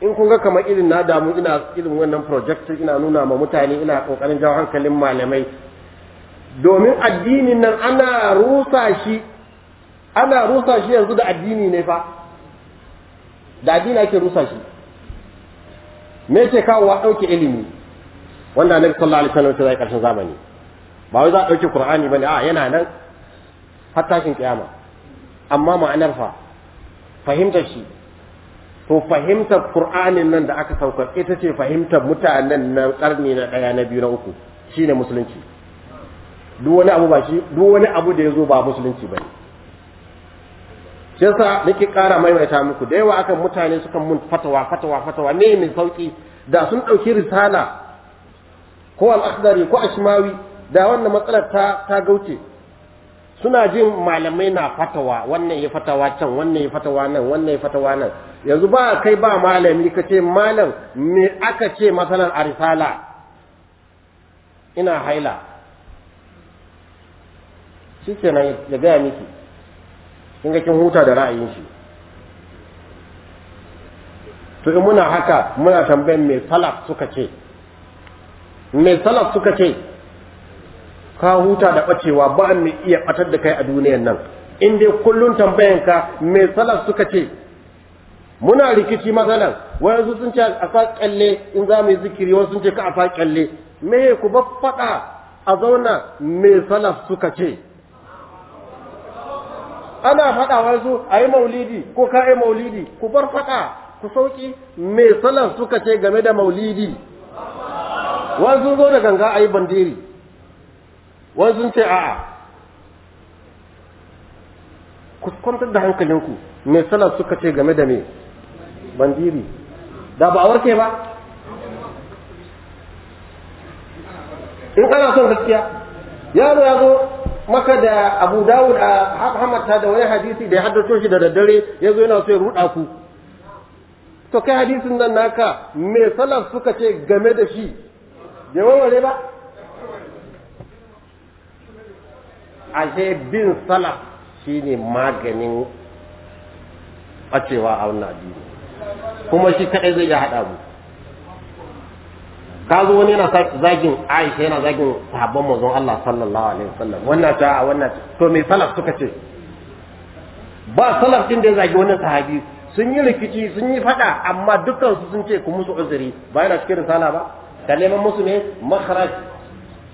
Speaker 1: in kun ga kamar irin na damu ina irin wannan project ina nuna ma mutane ina kokarin jawo hankalin malamai domin addinin nan ana rusa shi ana rusa shi yanzu da addini ne fa da addini ake rusa shi me ce kawo ɗauke ilimi wanda annabi sallallahu alaihi wasallam ya karshen zamani ba wai za a dauki qur'ani bane a yana nan har tashin kiyama amma ma'anar fa fahimtar shi to fahimtar qur'anin nan da aka saukar ita ce fahimtar mutanen na karni na daya na biyu na uku shine musulunci duk wani abu ba shi duk wani abu da yazo ba musulunci bane shi yasa nake kara maimaita muku da yawa akan mutane suka mun fatawa fatawa fatawa ne mai sauki da sun dauki risala ko al-akhdari ko ashmawi da wannan matsalar ta ta gauce suna jin malamai na fatawa wannan ya fatawa can wannan ya fatawa nan wannan ya fatawa nan yanzu ba kai ba malami ka ce malam me aka ce masalan a risala ina haila shi kenan ya gaya miki kin ga kin huta da ra'ayin shi to in muna haka muna tambayar me salaf suka ce mai salaf suka ce ka huta da bacewa ba mai iya batar da kai a duniyan nan in dai kullun tambayan ka mai salaf suka ce muna rikici matsalan su sun ce a sa kyalle in za mu yi zikiri wasu sun ce ka a sa kyalle me ku ba faɗa a zauna mai salaf suka ce ana faɗa wasu a yi maulidi ko ka yi maulidi ku bar faɗa ku sauki mai salaf suka ce game da maulidi wani sun zo da ganga a yi bandiri wani sun ce a'a ku kwantar da hankalinku mai salaf suka ce game da me bandiri da ba a warke ba in ana son gaskiya yaro ya zo maka da abu dawud a hamata da wani hadisi da ya haddace shi da daddare ya zo yana so ya ruɗa ku to kai hadisin nan naka me salaf suka ce game da shi ya warware ba ashe bin salaf shine maganin bacewa a wannan addini kuma shi kadai zai iya hada mu ka zo wani yana zagin Aisha yana zagin sahabban manzon Allah sallallahu alaihi wasallam wannan ta wannan to me salaf suka ce ba salaf din da ya zagi wannan sahabi sun yi rikici sun yi fada amma dukkan su sun ce ku musu uzuri ba yana cikin risala ba ka neman musu ne makharaj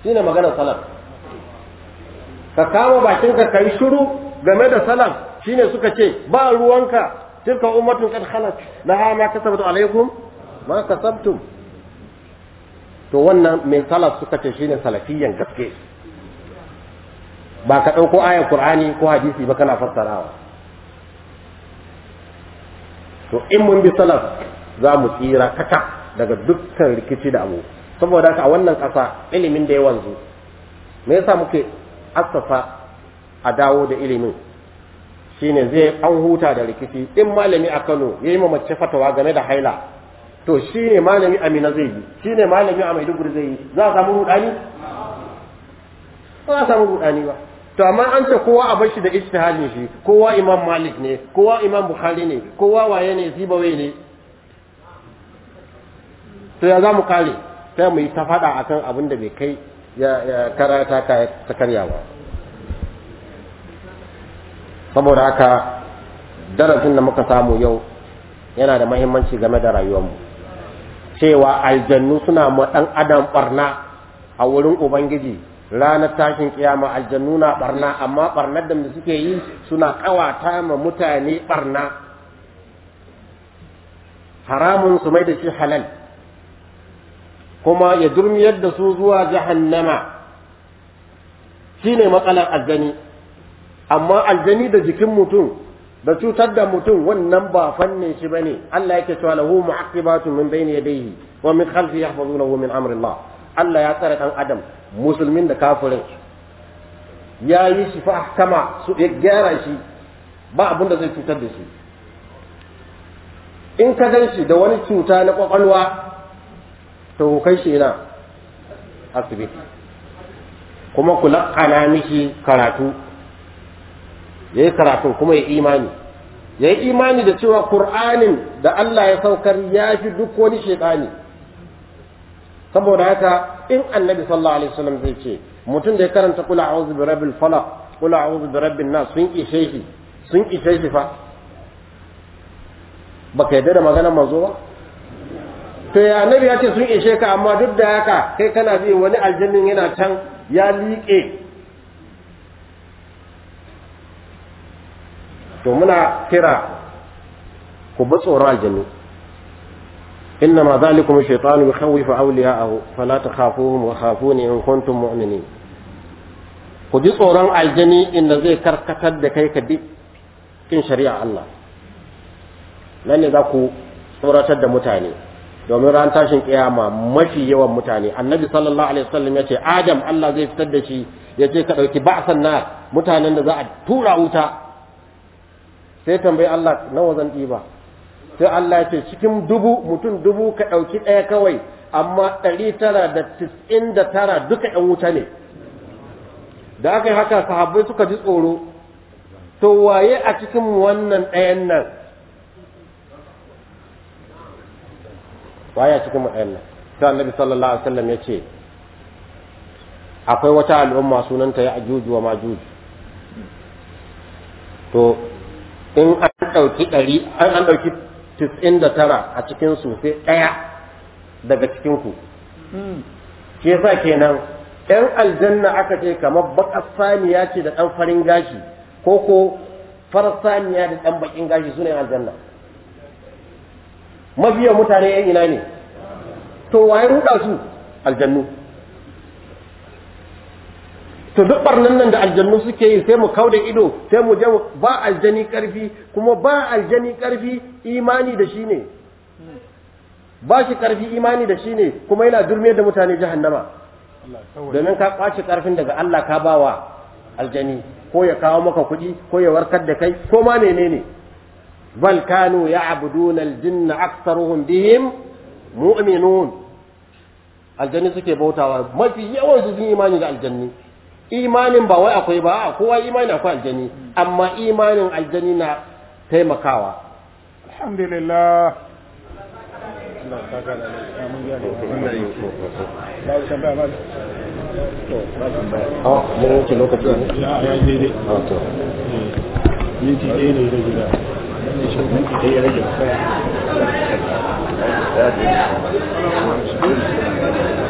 Speaker 1: shine maganar salaf ka kama bakin ka kai shiru game da salaf shine suka ce ba ruwanka tilka ummatun qad khalat ha ma kasabtu alaikum ma kasabtum to wannan mai salaf suka ce shine salafiyan gaske ba ka dauko ayar qur'ani ko hadisi ba kana fassarawa to in mun bi salaf za mu tsira kaka daga dukkan rikici da abu saboda haka a wannan ƙasa ilimin da ya wanzu me yasa muke assafa a dawo da ilimin shine zai an huta da rikici in malami a Kano yayi ma mace fatawa game da haila to shine malami Amina zai yi shine malami a Maiduguri zai yi za a samu rudani ba za a samu rudani ba to amma an ce kowa a bashi da ijtihadin shi kowa imam malik ne kowa imam bukhari ne kowa waye ne sibawai ne to ya za mu kare sai mu yi ta faɗa akan abin da bai kai ya karata ta karya ba saboda haka darasin da muka samu yau yana da mahimmanci game da rayuwarmu cewa aljannu suna ma ɗan adam barna a wurin ubangiji ranar tashin kiyama aljannu na barna amma barnar da suke yi suna kawata ma mutane barna haramun su mai da shi halal kuma ya durmiyar da su zuwa jahannama shine matsalar aljani amma aljani da jikin mutum da cutar da mutum wannan ba fanne shi bane Allah yake cewa lahu mu'aqibatun min bayni yadayhi wa min khalfihi yahfazunahu min amri Allah Allah ya tsare ɗan adam musulmin da kafirin ya yi shi fa kama su ya gyara shi ba abin da zai cutar da shi in ka gan shi da wani cuta na kwakwalwa to kai shi na asibiti kuma ku laƙana miki karatu ya yi karatu kuma ya imani ya yi imani da cewa ƙur'anin da Allah ya saukar ya fi duk wani shekani saboda haka in annabi sallallahu alaihi wasallam zai ce mutum da ya karanta kula a'udhu bi rabbil falaq kula a'udhu bi rabbin nas sun ishe shi sun ishe shi fa baka yadda da maganar manzo ba to ya annabi ya ce sun ishe ka amma duk da haka kai kana bi wani aljannin yana can ya liƙe to muna kira ku bi tsoron aljannin إنما ذلكم الشيطان يخوف أولياءه فلا تخافوهم وخافوني إن كنتم مؤمنين ku ji tsoron aljani inda zai karkatar da kai ka kin shari'a Allah nan ne za ku tsoratar da mutane domin ran tashin kiyama mafi yawan mutane annabi sallallahu alaihi wasallam ya ce adam Allah zai fitar da shi ya ce ka ɗauki ba'san na mutanen da za a tura wuta sai tambayi Allah nawa zan ɗiba sai Allah ya ce cikin dubu mutum dubu ka ɗauki ɗaya kawai amma ɗari tara da tis'in da tara duka ɗan wuta ne da aka yi haka sahabbai suka ji tsoro to waye a cikin wannan ɗayan nan waye a cikin ɗayan nan sai annabi sallallahu alaihi wasallam ya ce akwai wata al'umma sunanta ya ajuju wa majuju to in an ɗauki ɗari an ɗauki tis'in da tara a cikin su ɗaya daga cikin ku shi yasa kenan yan aljanna aka ce kamar baƙar saniya ce da ɗan farin gashi ko ko farar saniya da ɗan baƙin gashi suna aljanna mafiya mutane yan ina ne to waye ruɗa su aljannu to duk barnan nan da aljannu suke yi sai mu kauda ido sai mu je ba aljani karfi kuma ba aljani karfi imani da shi ne ba shi karfi imani da shi ne kuma yana durmiyar da mutane jahannama domin ka kwace karfin daga Allah ka bawa aljani ko ya kawo maka kuɗi ko ya warkar da kai ko ma menene bal kanu ya'buduna aljinna aktsaruhum bihim mu'minun aljani suke bautawa mafi yawan su sun imani da aljanni imanin ba wai akwai ba kowa imani akwai aljani amma imanin aljani na taimakawa
Speaker 3: alhamdulillah Thank ah, you.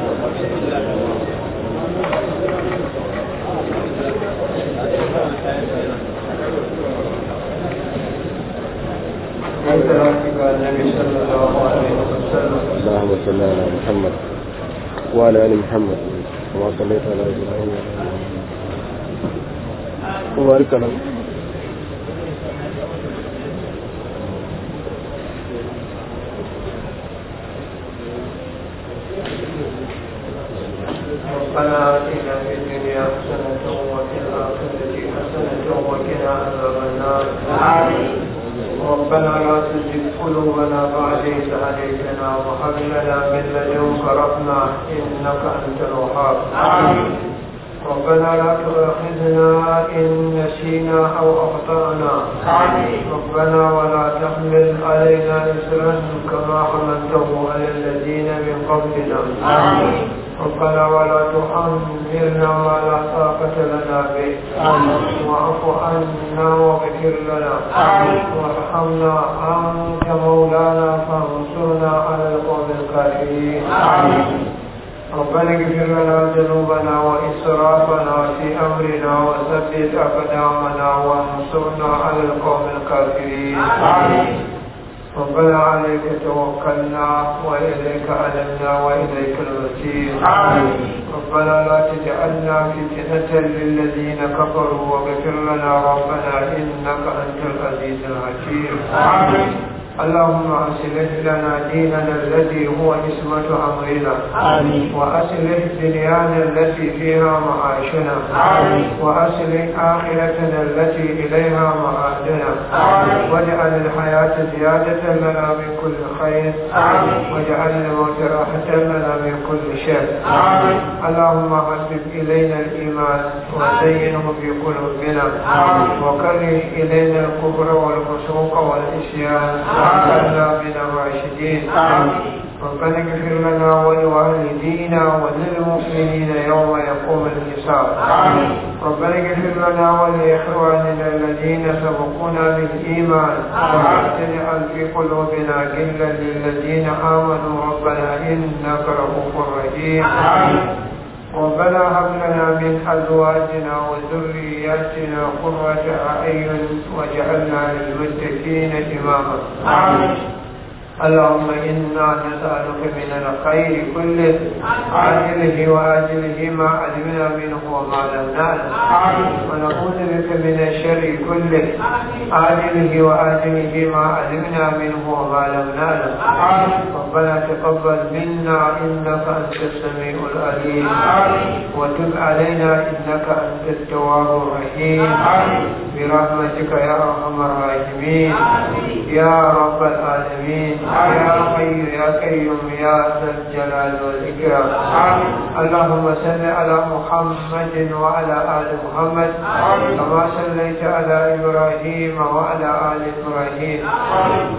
Speaker 3: اللهم صل على
Speaker 1: محمد وعلى ال محمد كما صليت على ابراهيم وبارك ال محمد
Speaker 3: إننا من من رحمة إنك أنت الوهاب آمين عزيز الحكيم آمين اللهم أصلح لنا ديننا الذي هو عصمة أمرنا آمين وأصلح دنيانا التي فيها معاشنا آمين وأصلح آخرتنا التي إليها معادنا آمين واجعل الحياة زيادة لنا من كل خير آمين واجعل الموت راحة لنا من كل شر آمين اللهم حبب إلينا الإيمان وزينه في قلوبنا وكره إلينا الكفر والفسوق والعصيان وجعلنا من الراشدين ربنا اغفر لنا ولوالدينا وللمؤمنين يوم يقوم الحساب ربنا اغفر لنا ولاخواننا الذين سبقونا بالايمان ولا في قلوبنا غلا للذين امنوا ربنا انك رؤوف رحيم ربنا هب لنا من أزواجنا وذرياتنا قرة أعين واجعلنا للمتقين إماما آمين اللهم إنا نسألك من الخير كله عاجله وآجله ما علمنا منه وما لم نعلم ونعوذ بك من الشر كله عاجله وآجله ما علمنا منه وما لم نعلم ربنا تقبل منا إنك أنت السميع العليم وتب علينا إنك أنت التواب الرحيم برحمتك يا أرحم الراحمين يا رب العالمين يا خير يا قيوم يا ذا الجلال والإكرام اللهم صل على محمد وعلى آل محمد كما صليت على إبراهيم وعلى آل إبراهيم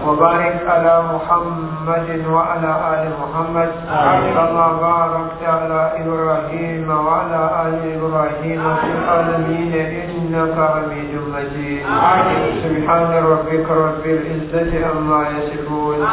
Speaker 3: وبارك على محمد وعلى آل محمد كما باركت على إبراهيم وعلى آل إبراهيم في العالمين إنك حميد مجيد سبحان ربك رب العزة عما يصفون